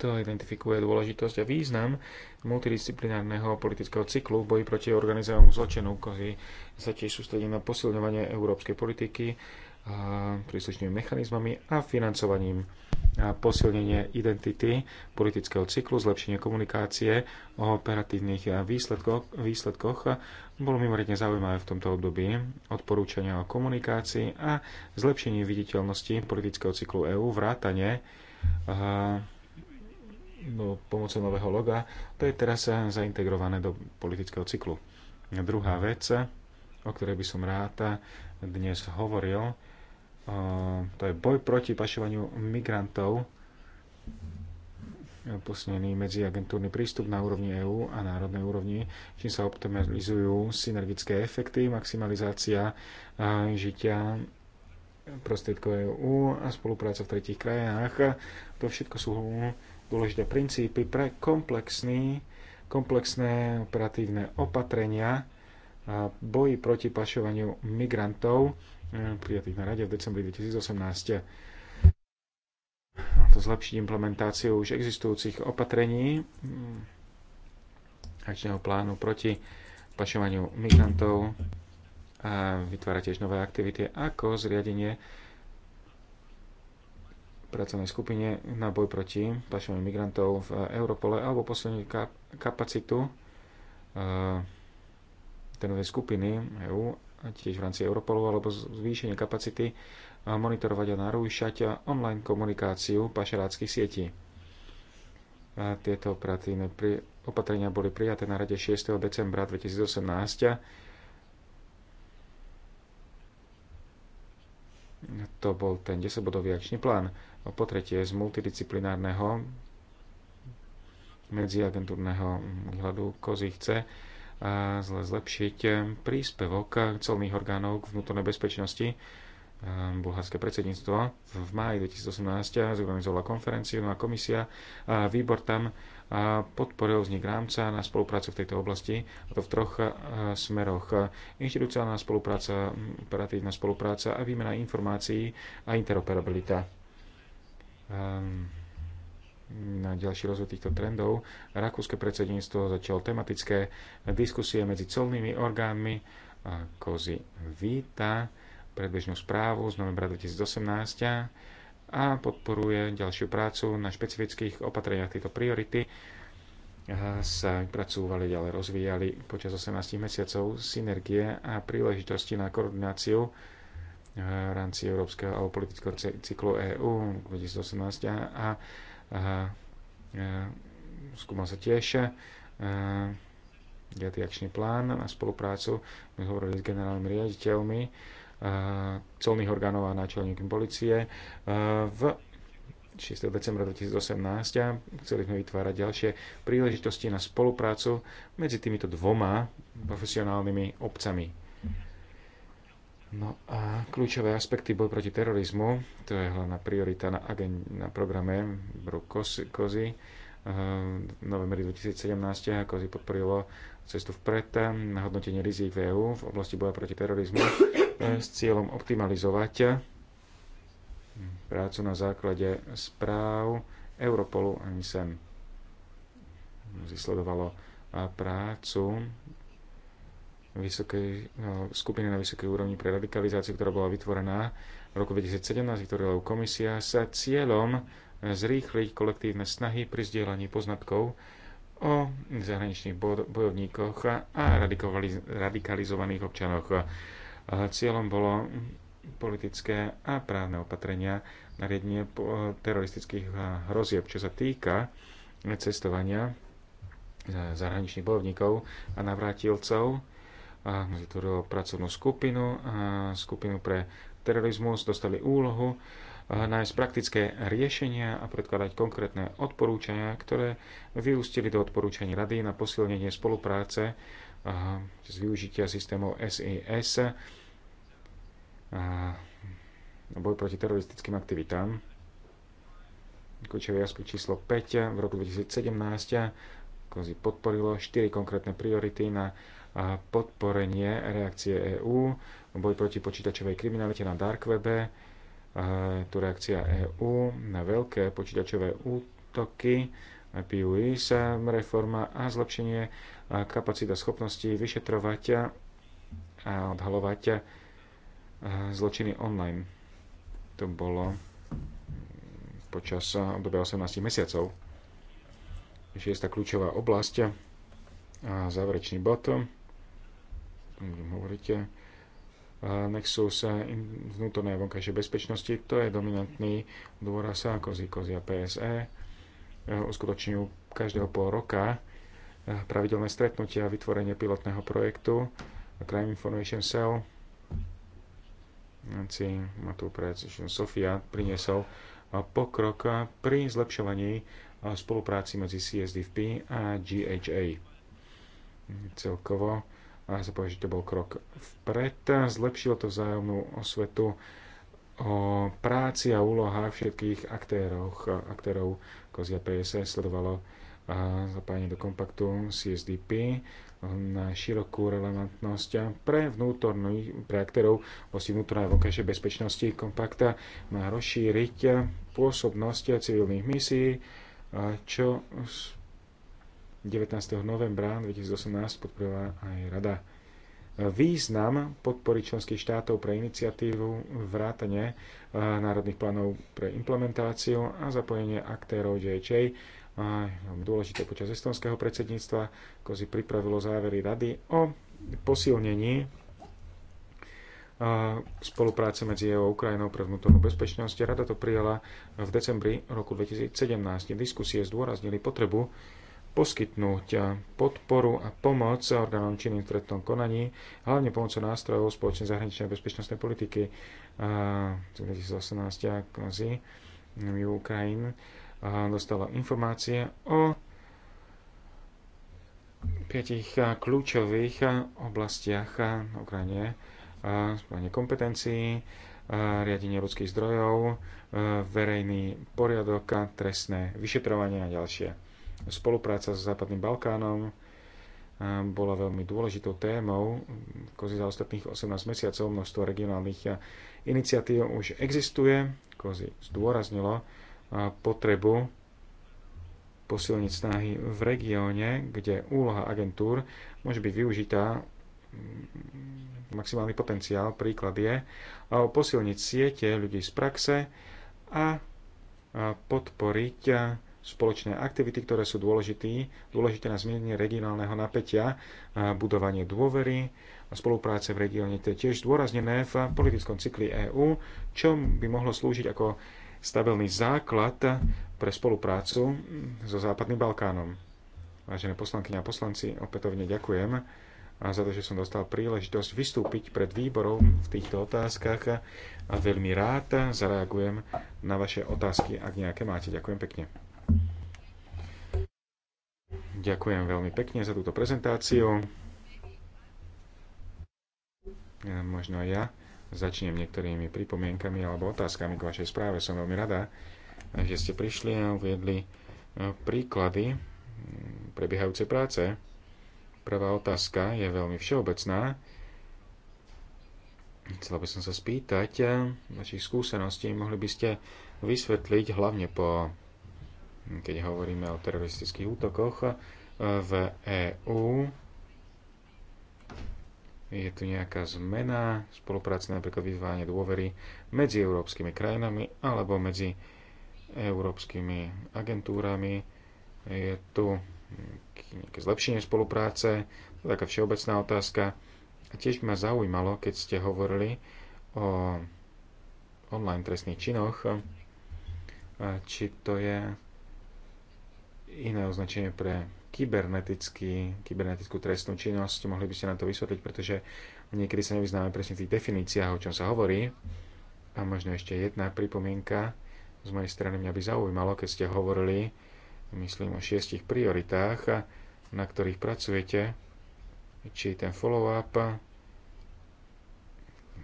to identifikuje dôležitosť a význam multidisciplinárneho politického cyklu v boji proti organizovanému zločinu, ktorý sa tiež sústredí na posilňovanie európskej politiky príslušnými mechanizmami a financovaním a posilnenie identity politického cyklu, zlepšenie komunikácie o operatívnych výsledkoch, výsledkoch bolo mimoriadne zaujímavé v tomto období. Odporúčania o komunikácii a zlepšení viditeľnosti politického cyklu EÚ, vrátane no, pomocou nového loga, to je teraz eh, zaintegrované do politického cyklu. druhá vec, o ktorej by som rád eh, dnes hovoril, eh, to je boj proti pašovaniu migrantov, posilnený medziagentúrny prístup na úrovni EÚ a národnej úrovni, čím sa optimalizujú synergické efekty, maximalizácia žitia prostriedkov EÚ a spolupráca v tretich krajinách. To všetko sú dôležité princípy pre komplexný, komplexné operatívne opatrenia a boji proti pašovaniu migrantov e, prijatých na rade v decembri 2018. to zlepšiť implementáciu už existujúcich opatrení mm, akčného plánu proti pašovaniu migrantov a vytvára tiež nové aktivity ako zriadenie pracovnej skupine na boj proti pašovaniu migrantov v Europole alebo posilniť kapacitu eh, tenovej skupiny EU tiež v rámci Europolu alebo zvýšenie kapacity monitorovať a narúšať online komunikáciu pašeráckých sietí. A tieto operatívne opatrenia boli prijaté na rade 6. decembra 2018 to bol ten 10-bodový akčný plán. Po tretie, z multidisciplinárneho medziagentúrneho výhľadu kozy chce zle zlepšiť e, príspevok colných orgánov k vnútornej bezpečnosti. E, Bulharské predsedníctvo v máji 2018 zorganizovala konferenciu, no a komisia a výbor tam podporil vznik rámca na spoluprácu v tejto oblasti, a to v troch e, smeroch. Inštitucionálna spolupráca, operatívna spolupráca a výmena informácií a interoperabilita. Ehm, na ďalší rozvoj týchto trendov rakúske predsedníctvo začalo tematické diskusie medzi colnými orgánmi a kozy Vita, predbežnú správu z novembra 2018 a podporuje ďalšiu prácu na špecifických opatreniach. Tieto priority eh, sa vypracúvali, ďalej rozvíjali počas 18 mesiacov synergie a príležitosti na koordináciu eh, v rámci Európskeho alebo politického cyklu EÚ 2018 a, eh, skúmal sa tiež deviatý akčný plán na spoluprácu. My hovorili s generálnymi riaditeľmi Eh, colných orgánov a náčelníkom policie eh, v 6. decembra 2018 chceli sme vytvárať ďalšie príležitosti na spoluprácu medzi týmito dvoma profesionálnymi obcami. No a kľúčové aspekty boj proti terorizmu, to je hlavná priorita na, agen- na programe Bruk Kozy, eh, v novembri 2017 a Kozy podporilo cestu vpred eh, na hodnotenie rizik v EU v oblasti boja proti terorizmu eh, s cieľom optimalizovať eh, prácu na základe správ Europolu a NISEM. Zisledovalo prácu vysokej, skupiny na vysokej úrovni pre radikalizáciu, ktorá bola vytvorená v roku 2017, vytvorila komisia sa cieľom zrýchliť kolektívne snahy pri zdieľaní poznatkov o zahraničných bojovníkoch a radikalizovaných občanoch. Cieľom bolo politické a právne opatrenia na riadenie teroristických hrozieb, čo sa týka cestovania zahraničných bojovníkov a navrátilcov. Vytvorilo pracovnú skupinu, skupinu pre terorizmus, dostali úlohu Eh, nájsť praktické riešenia a predkladať konkrétne odporúčania, ktoré vyústili do odporúčaní Rady na posilnenie spolupráce eh, z využitia systémov SIS eh, na boj proti teroristickým aktivitám. Kľúčový aspekt číslo 5 v roku 2017 podporilo 4 konkrétne priority na podporenie reakcie EÚ, boj proti počítačovej kriminalite na dark tu reakcia EÚ na veľké počítačové útoky, PUI sa reforma a zlepšenie kapacita schopností vyšetrovať a odhalovať zločiny online. To bolo počas obdobia 18 mesiacov. Šiesta kľúčová oblasť a záverečný bod. Budem hovoriť Nexus vnútornej a vonkajšej bezpečnosti, to je dominantný dôraz sa ako Zikozia PSE. E, uskutočňujú každého pol roka e, pravidelné stretnutia a vytvorenie pilotného projektu Crime Information Cell. Ma tu Sofia priniesol e, pokrok pri zlepšovaní spolupráci medzi CSDFP a GHA. Celkovo a sa povedať, že to bol krok vpred. Zlepšilo to vzájomnú osvetu o práci a úlohách všetkých aktérov, aktérov Kozia PSS sledovalo zapájanie do kompaktu CSDP na širokú relevantnosť pre vnútorných, pre aktérov vlastne vnútorná a vonkajšej bezpečnosti kompakta má rozšíriť pôsobnosť civilných misií, čo 19. novembra 2018 podporila aj Rada. Význam podpory členských štátov pre iniciatívu vrátane eh, národných plánov pre implementáciu a zapojenie aktérov JHA dôležité počas estonského predsedníctva, si pripravilo závery rady o posilnení eh, spolupráce medzi EU a Ukrajinou pre vnútornú bezpečnosť. Rada to prijala v decembri roku 2017. Diskusie zdôraznili potrebu poskytnúť podporu a pomoc orgánom činným v trestnom konaní, hlavne pomocou nástrojov spoločnej zahraničnej a bezpečnostnej politiky 2018 konzi Ukrajín dostala informácie o piatich kľúčových oblastiach na Ukrajine, zbranie kompetencií, riadenie ľudských zdrojov, verejný poriadok, trestné vyšetrovanie a ďalšie spolupráca s Západným Balkánom eh, bola veľmi dôležitou témou. Kozy za ostatných 18 mesiacov množstvo regionálnych eh, iniciatív už existuje. Kozy zdôraznilo eh, potrebu posilniť snahy v regióne, kde úloha agentúr môže byť využitá maximálny potenciál. Príklad je posilniť siete ľudí z praxe a podporiť spoločné aktivity, ktoré sú dôležité, dôležité na zmenenie regionálneho napätia, budovanie dôvery, a spolupráce v regióne, to je tiež zdôraznené v politickom cykli EÚ, čo by mohlo slúžiť ako stabilný základ pre spoluprácu so Západným Balkánom. Vážené poslankyne a poslanci, opätovne ďakujem za to, že som dostal príležitosť vystúpiť pred výborom v týchto otázkach a veľmi rád zareagujem na vaše otázky, ak nejaké máte. Ďakujem pekne. Ďakujem veľmi pekne za túto prezentáciu. Možno možno ja začnem niektorými pripomienkami alebo otázkami k vašej správe. Som veľmi rada, že ste prišli a uviedli e, príklady prebiehajúcej práce. Prvá otázka je veľmi všeobecná. Chcela by som sa spýtať e, vašich skúseností. Mohli by ste vysvetliť hlavne po, keď hovoríme o teroristických útokoch, v EU Je tu nejaká zmena spolupráce, napríklad vyzvanie dôvery medzi európskymi krajinami alebo medzi európskymi agentúrami. Je tu nejaké zlepšenie spolupráce, to je taká všeobecná otázka. A tiež by ma zaujímalo, keď ste hovorili o online trestných činoch, či to je iné označenie pre kybernetický, kybernetickú trestnú činnosť. Mohli by ste nám to vysvetliť, pretože niekedy sa nevyznáme presne v tých definíciách, o čom sa hovorí. A možno ešte jedna pripomienka z mojej strany mňa by zaujímalo, keď ste hovorili, myslím, o šiestich prioritách, na ktorých pracujete, či ten follow-up,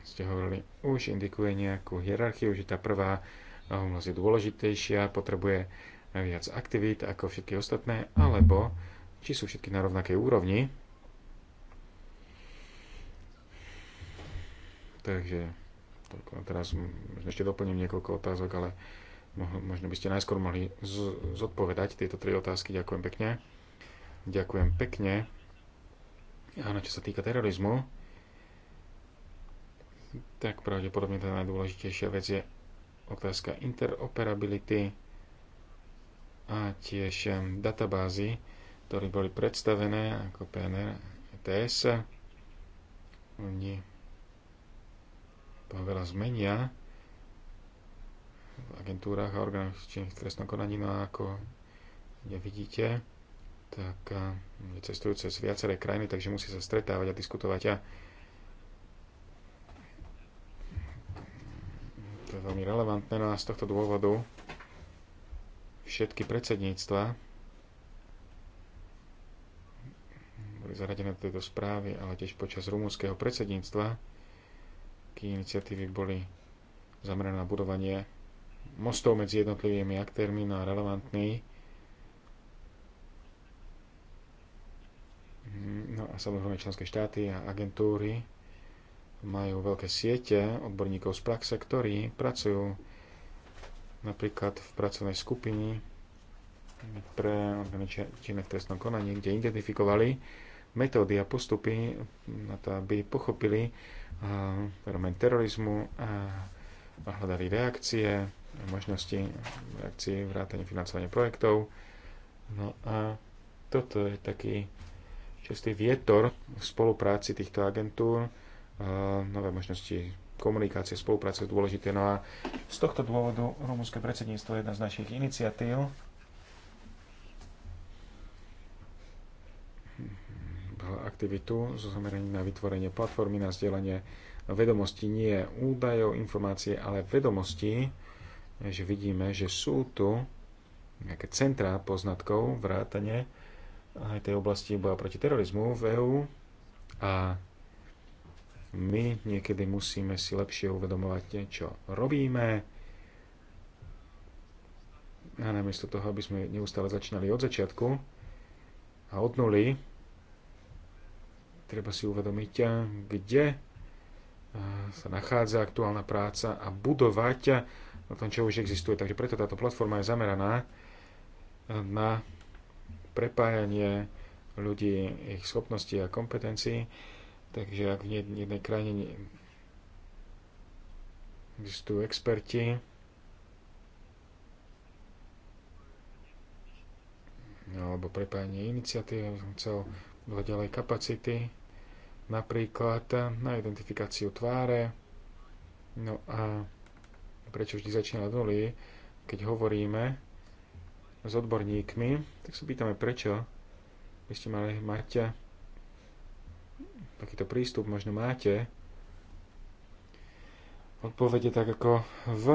ste hovorili, už indikuje nejakú hierarchiu, že tá prvá eh, oblasť je dôležitejšia, potrebuje viac aktivít ako všetky ostatné, alebo či sú všetky na rovnakej úrovni. Takže teraz ešte doplním niekoľko otázok, ale možno by ste najskôr mohli zodpovedať tieto tri otázky. Ďakujem pekne. Ďakujem pekne. Áno, čo sa týka terorizmu, tak pravdepodobne tá najdôležitejšia vec je otázka interoperability a tiež databázy, ktoré boli predstavené ako PNR ETS. Oni to veľa zmenia v agentúrach a orgánoch činných trestnom konaní, no a ako vidíte, tak cestujú cez viaceré krajiny, takže musí sa stretávať a diskutovať a to je veľmi relevantné, no a z tohto dôvodu všetky predsedníctva boli zaradené do tejto správy, ale tiež počas rumúnskeho predsedníctva, kým iniciatívy boli zamerané na budovanie mostov medzi jednotlivými aktérmi, no a relevantný No a samozrejme členské štáty a agentúry majú veľké siete odborníkov z praxe, ktorí pracujú napríklad v pracovnej skupini pre orgány v trestnom konaní, kde identifikovali metódy a postupy na to, aby pochopili fenomén terorizmu a hľadali reakcie, možnosti reakcie vrátanie financovania projektov. No a toto je taký častý vietor v spolupráci týchto agentúr, nové možnosti Komunikácie, spolupráce je dôležité. No a z tohto dôvodu rumúnske predsedníctvo je jedna z našich iniciatív. Hm, aktivitu so zameraním na vytvorenie platformy na zdieľanie vedomostí, nie údajov, informácie, ale vedomostí, že vidíme, že sú tu nejaké centrá poznatkov, vrátane aj tej oblasti boja proti terorizmu v EÚ a my niekedy musíme si lepšie uvedomovať, čo robíme. A namiesto toho, aby sme neustále začínali od začiatku a od nuly, treba si uvedomiť, kde eh, sa nachádza aktuálna práca a budovať eh, na tom, čo už existuje. Takže preto táto platforma je zameraná eh, na prepájanie ľudí, ich schopností a kompetencií Takže ak v jednej krajine existujú experti, alebo prepájanie iniciatív, som chcel dodať ďalej kapacity, napríklad na identifikáciu tváre. No a prečo vždy začína od nuly, keď hovoríme s odborníkmi, tak sa pýtame, prečo by ste mali mať takýto prístup možno máte, odpovede tak ako v,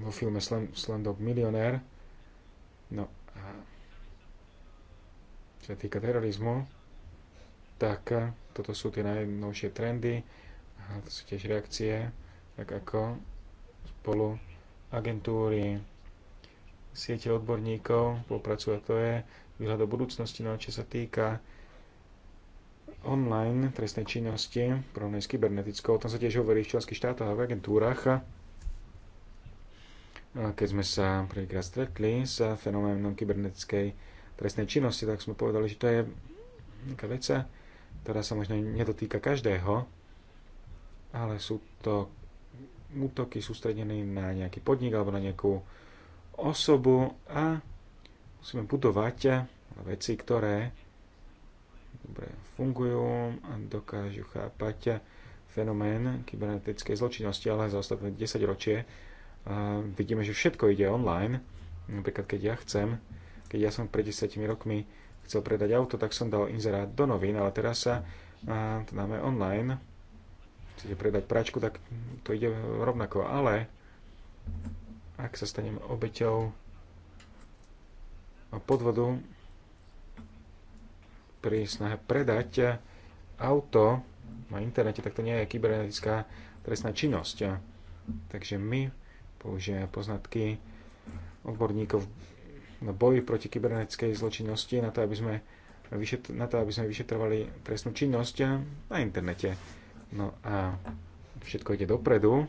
vo filme Slam, Slamdog Milionér. No a čo sa týka terorizmu, tak eh, toto sú tie najnovšie trendy a to sú tiež reakcie, tak ako spolu agentúry, siete odborníkov, spolupracujú a to je výhľad do budúcnosti, no čo sa týka online trestnej činnosti, porovnej s kybernetickou, tam sa tiež hovorí v členských štátoch a v agentúrach. Keď sme sa prvýkrát stretli s fenoménom kybernetickej trestnej činnosti, tak sme povedali, že to je nejaká vec, ktorá sa možno nedotýka každého, ale sú to útoky sústredené na nejaký podnik alebo na nejakú osobu a musíme budovať veci, ktoré dobre fungujú a dokážu chápať fenomén kybernetickej zločinnosti, ale za ostatné 10 ročie vidíme, že všetko ide online. Napríklad, keď ja chcem, keď ja som pred 10 rokmi chcel predať auto, tak som dal inzerát do novín, ale teraz sa to dáme online. Chcete predať pračku, tak to ide rovnako, ale ak sa stanem obeťou podvodu, pri snahe predať auto na internete, tak to nie je kybernetická trestná činnosť. Takže my použijeme poznatky odborníkov na boji proti kybernetickej zločinnosti na to, aby sme, na to, aby sme vyšetrovali trestnú činnosť na internete. No a všetko ide dopredu.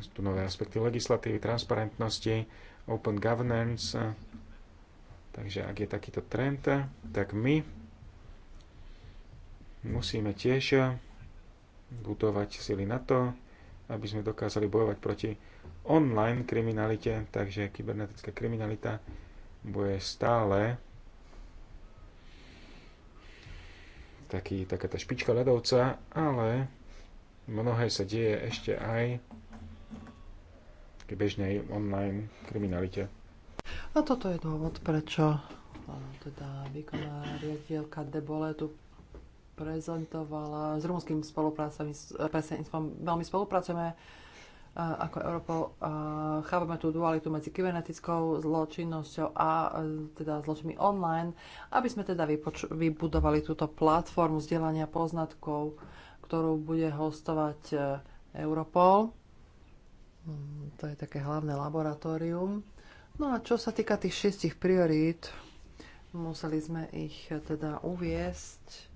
Sú tu nové aspekty legislatívy, transparentnosti, open governance, Takže ak je takýto trend, tak my musíme tiež budovať sily na to, aby sme dokázali bojovať proti online kriminalite, takže kybernetická kriminalita bude stále taký, taká tá špička ľadovca, ale mnohé sa deje ešte aj k bežnej online kriminalite. A toto je dôvod, prečo teda výkonná riaditeľka Deboletu prezentovala s rumským spoluprácami, veľmi spolupracujeme ako Europol. Chápame tú dualitu medzi kybernetickou zločinnosťou a teda zločinmi online, aby sme teda vybudovali túto platformu vzdelania poznatkov, ktorú bude hostovať e, Europol. Mm, to je také hlavné laboratórium No a čo sa týka tých šiestich priorít, museli sme ich teda uviesť.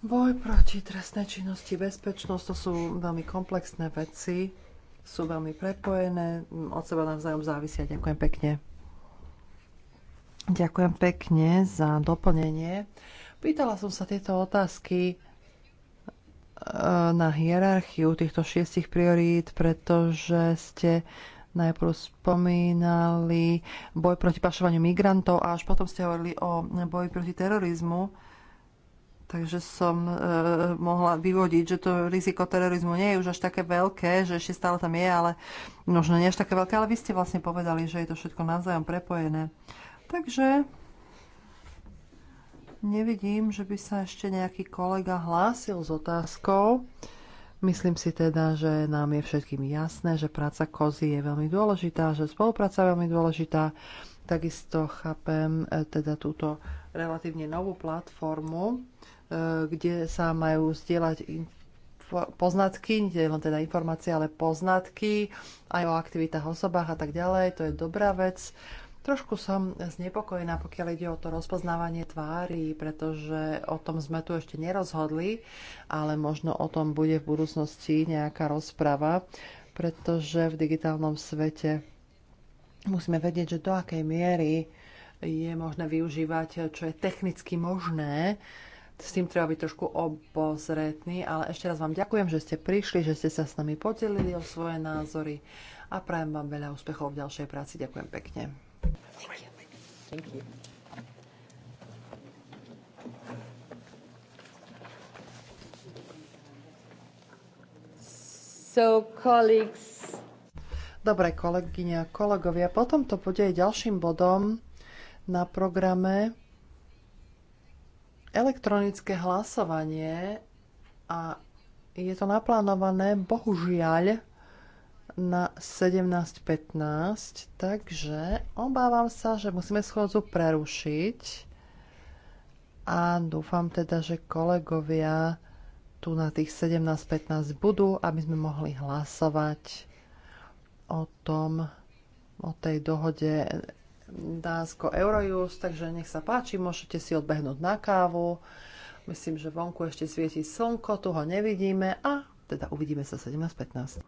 Boj proti trestnej činnosti, bezpečnosť, to sú veľmi komplexné veci, sú veľmi prepojené, od seba navzájom závisia. Ďakujem pekne. Ďakujem pekne za doplnenie. Pýtala som sa tieto otázky e, na hierarchiu týchto šiestich priorít, pretože ste najprv spomínali boj proti pašovaniu migrantov a až potom ste hovorili o boji proti terorizmu. Takže som e, mohla vyvodiť, že to riziko terorizmu nie je už až také veľké, že ešte stále tam je, ale možno nie až také veľké, ale vy ste vlastne povedali, že je to všetko navzájom prepojené. Takže nevidím, že by sa ešte nejaký kolega hlásil s otázkou. Myslím si teda, že nám je všetkým jasné, že práca kozy je veľmi dôležitá, že spolupráca je veľmi dôležitá. Takisto chápem e, teda túto relatívne novú platformu, e, kde sa majú zdieľať poznatky, nie len teda informácie, ale poznatky aj o aktivitách, osobách a tak ďalej. To je dobrá vec. Trošku som znepokojená, pokiaľ ide o to rozpoznávanie tvári, pretože o tom sme tu ešte nerozhodli, ale možno o tom bude v budúcnosti nejaká rozprava, pretože v digitálnom svete musíme vedieť, že do akej miery je možné využívať, čo je technicky možné, s tým treba byť trošku obozretný, ale ešte raz vám ďakujem, že ste prišli, že ste sa s nami podelili o svoje názory a prajem vám veľa úspechov v ďalšej práci. Ďakujem pekne. Thank you. So, colleagues. Dobre, kolegyne a kolegovia, potom to bude aj ďalším bodom na programe elektronické hlasovanie a je to naplánované, bohužiaľ, na 17.15, takže obávam sa, že musíme schôdzu prerušiť a dúfam teda, že kolegovia tu na tých 17.15 budú, aby sme mohli hlasovať o tom, o tej dohode Dánsko Eurojust, takže nech sa páči, môžete si odbehnúť na kávu. Myslím, že vonku ešte svieti slnko, tu ho nevidíme a teda uvidíme sa 17.15.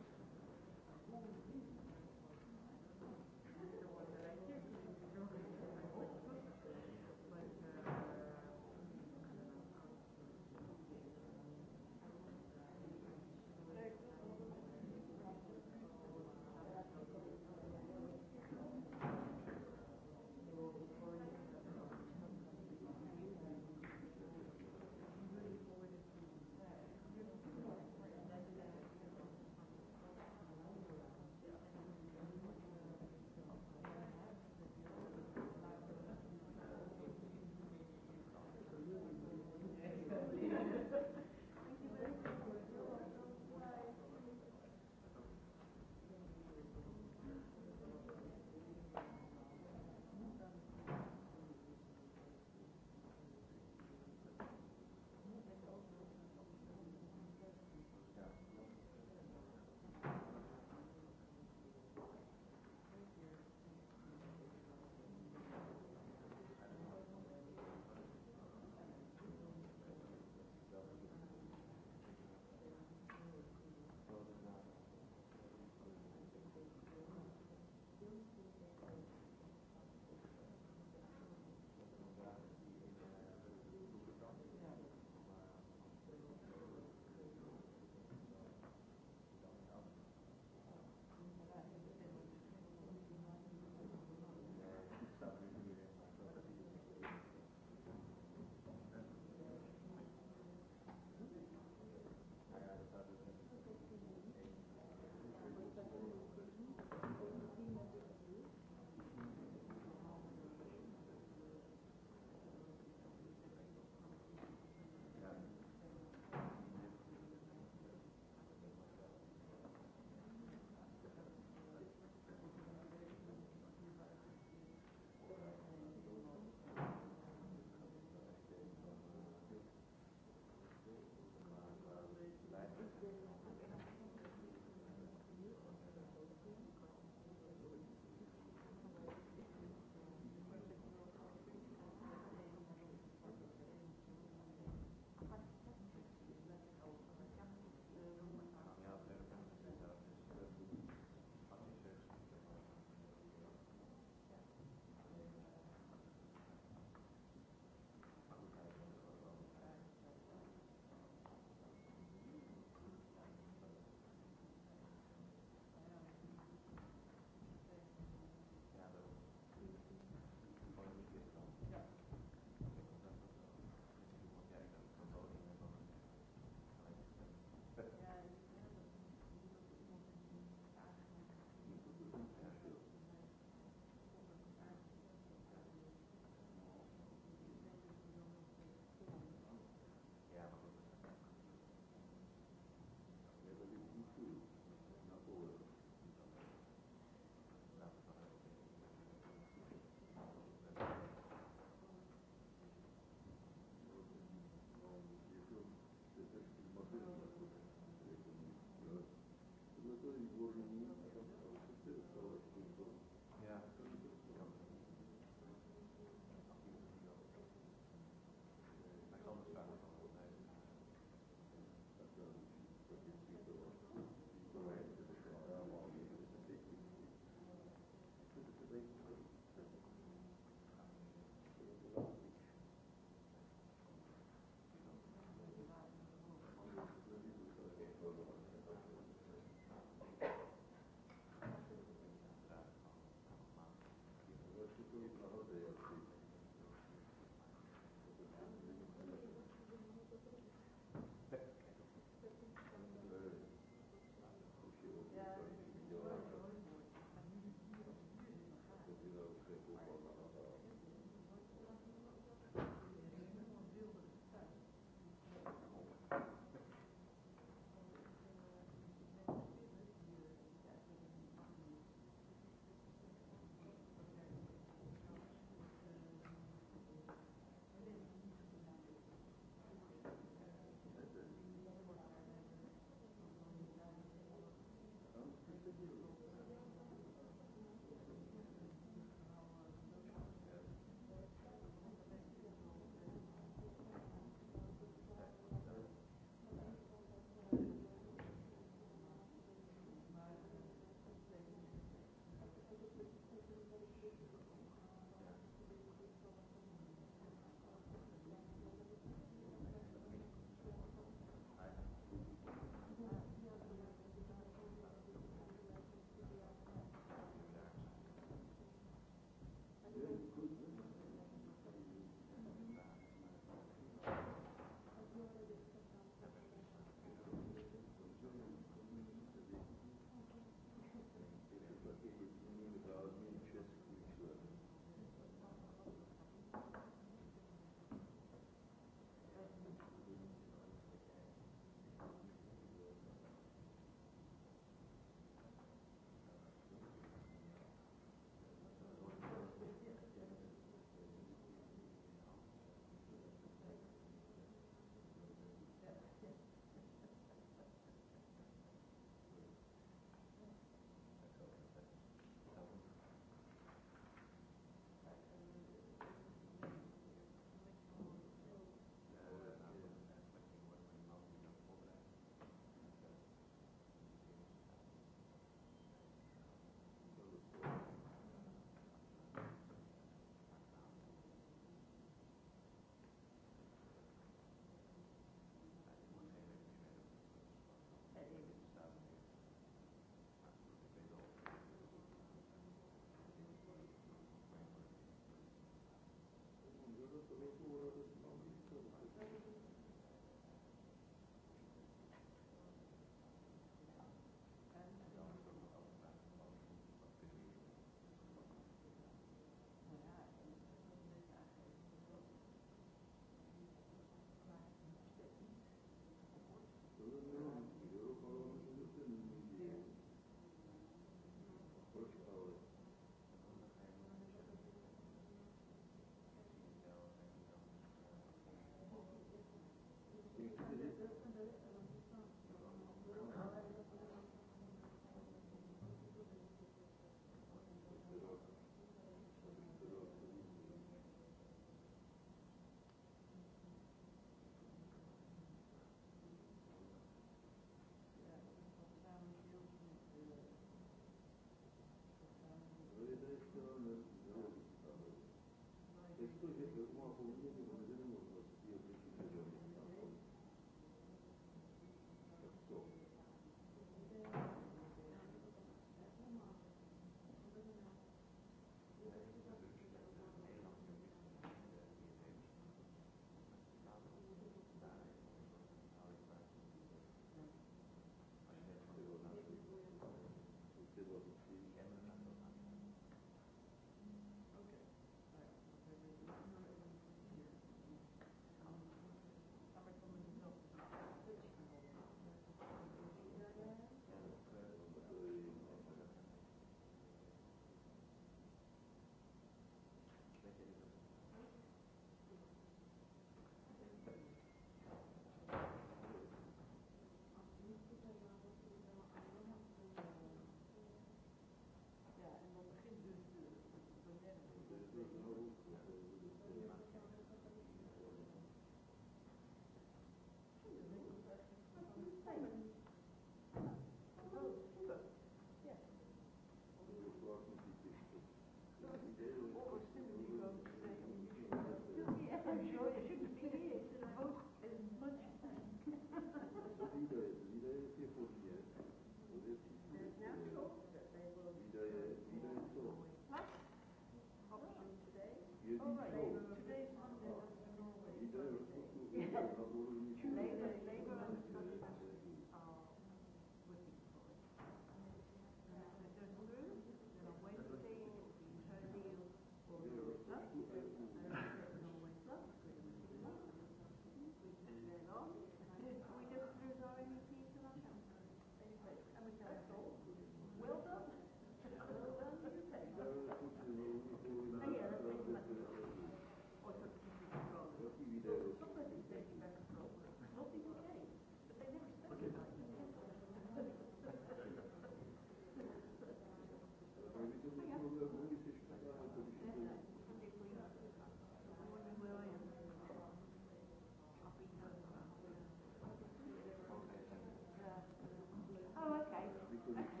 Thank you.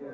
Yeah.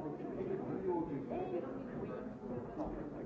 Hey, we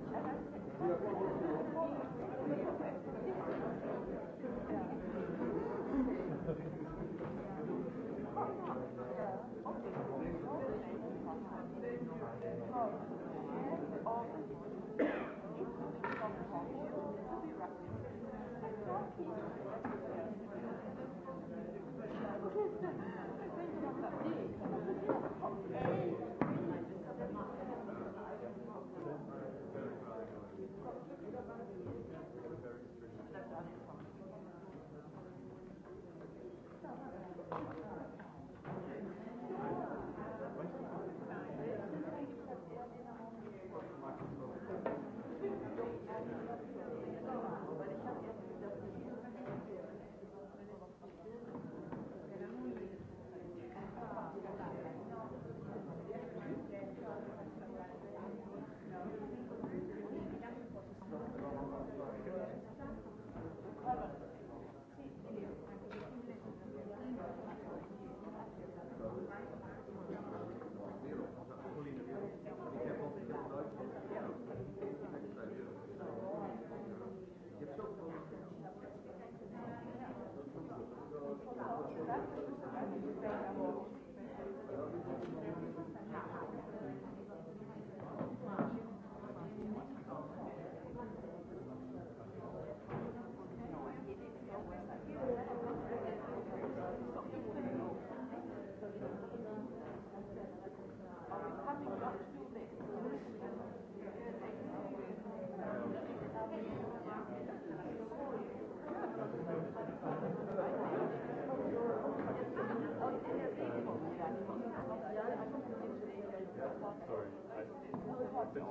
I know.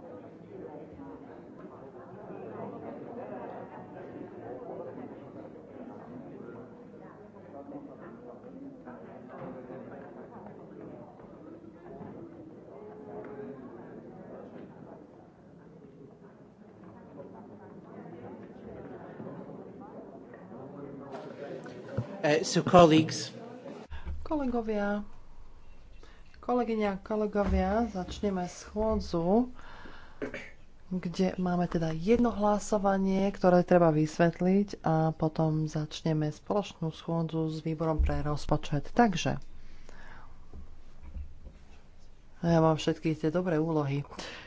Uh, so colleagues. Kolegovia, kolegyňa a kolegovia, začneme schôdzu, kde máme teda jedno hlasovanie, ktoré treba vysvetliť a potom začneme spoločnú schôdzu s výborom pre rozpočet. Takže, ja mám všetky tie dobré úlohy. Uh,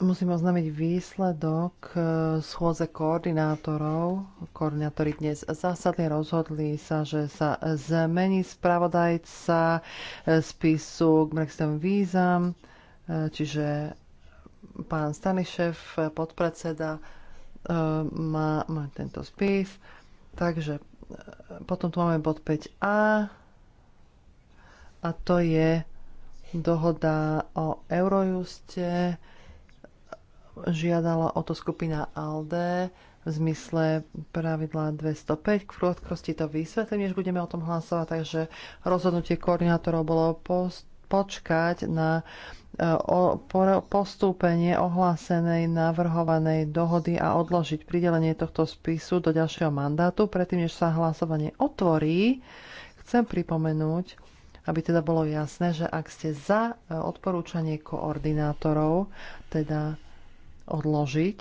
Musím oznámiť výsledok e, schôdze koordinátorov. Koordinátori dnes zásadne rozhodli sa, že sa zmení spravodajca e, spisu k Brexitom vízam, e, čiže pán Stanišev, podpredseda, má, má tento spis. Takže potom tu máme bod 5a a to je dohoda o Eurojuste žiadala o to skupina ALDE v zmysle pravidla 205. K krátkosti to vysvetlím, než budeme o tom hlasovať, takže rozhodnutie koordinátorov bolo post počkať na e, postúpenie ohlásenej navrhovanej dohody a odložiť pridelenie tohto spisu do ďalšieho mandátu. Predtým, než sa hlasovanie otvorí, chcem pripomenúť, aby teda bolo jasné, že ak ste za e, odporúčanie koordinátorov, teda odložiť,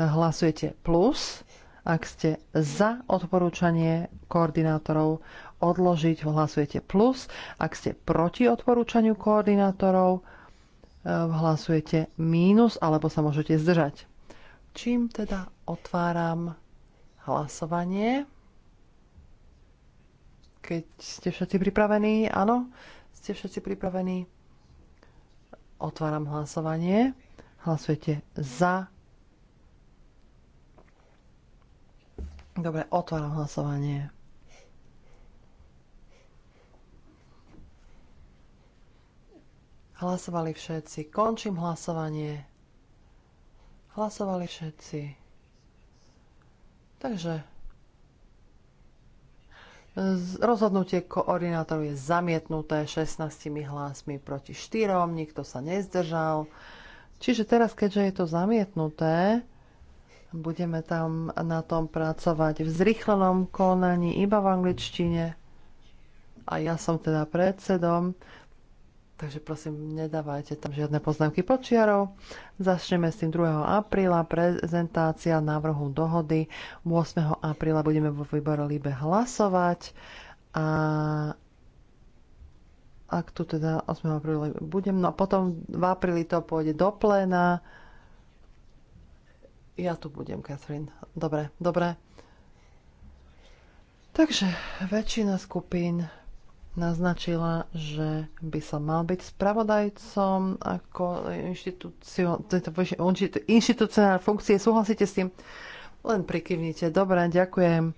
hlasujete plus. Ak ste za odporúčanie koordinátorov odložiť, hlasujete plus. Ak ste proti odporúčaniu koordinátorov, eh, hlasujete mínus alebo sa môžete zdržať. Čím teda otváram hlasovanie? Keď ste všetci pripravení, áno, ste všetci pripravení. Otváram hlasovanie. Hlasujete za. Dobre, otváram hlasovanie. Hlasovali všetci. Končím hlasovanie. Hlasovali všetci. Takže Rozhodnutie koordinátorov je zamietnuté 16 hlasmi proti 4, nikto sa nezdržal. Čiže teraz, keďže je to zamietnuté, budeme tam na tom pracovať v zrychlenom konaní iba v angličtine. A ja som teda predsedom, takže prosím, nedávajte tam žiadne poznámky počiarov. Začneme s tým 2. apríla, prezentácia návrhu dohody. 8. apríla budeme vo výbore Libe hlasovať a ak tu teda 8. apríla budem. No a potom v apríli to pôjde do pléna. Ja tu budem, Katrin. Dobre, dobre. Takže väčšina skupín naznačila, že by som mal byť spravodajcom ako inštitucionálne funkcie. Súhlasíte s tým? Len prikyvnite. Dobre, ďakujem.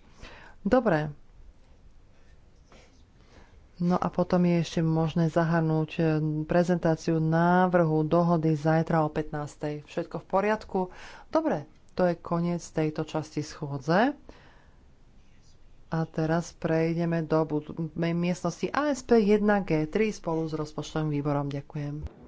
Dobre, No a potom je ešte možné zahrnúť eh, prezentáciu návrhu dohody zajtra o 15.00. Všetko v poriadku? Dobre, to je koniec tejto časti schôdze. A teraz prejdeme do miestnosti ASP 1G3 spolu s rozpočtovým výborom. Ďakujem.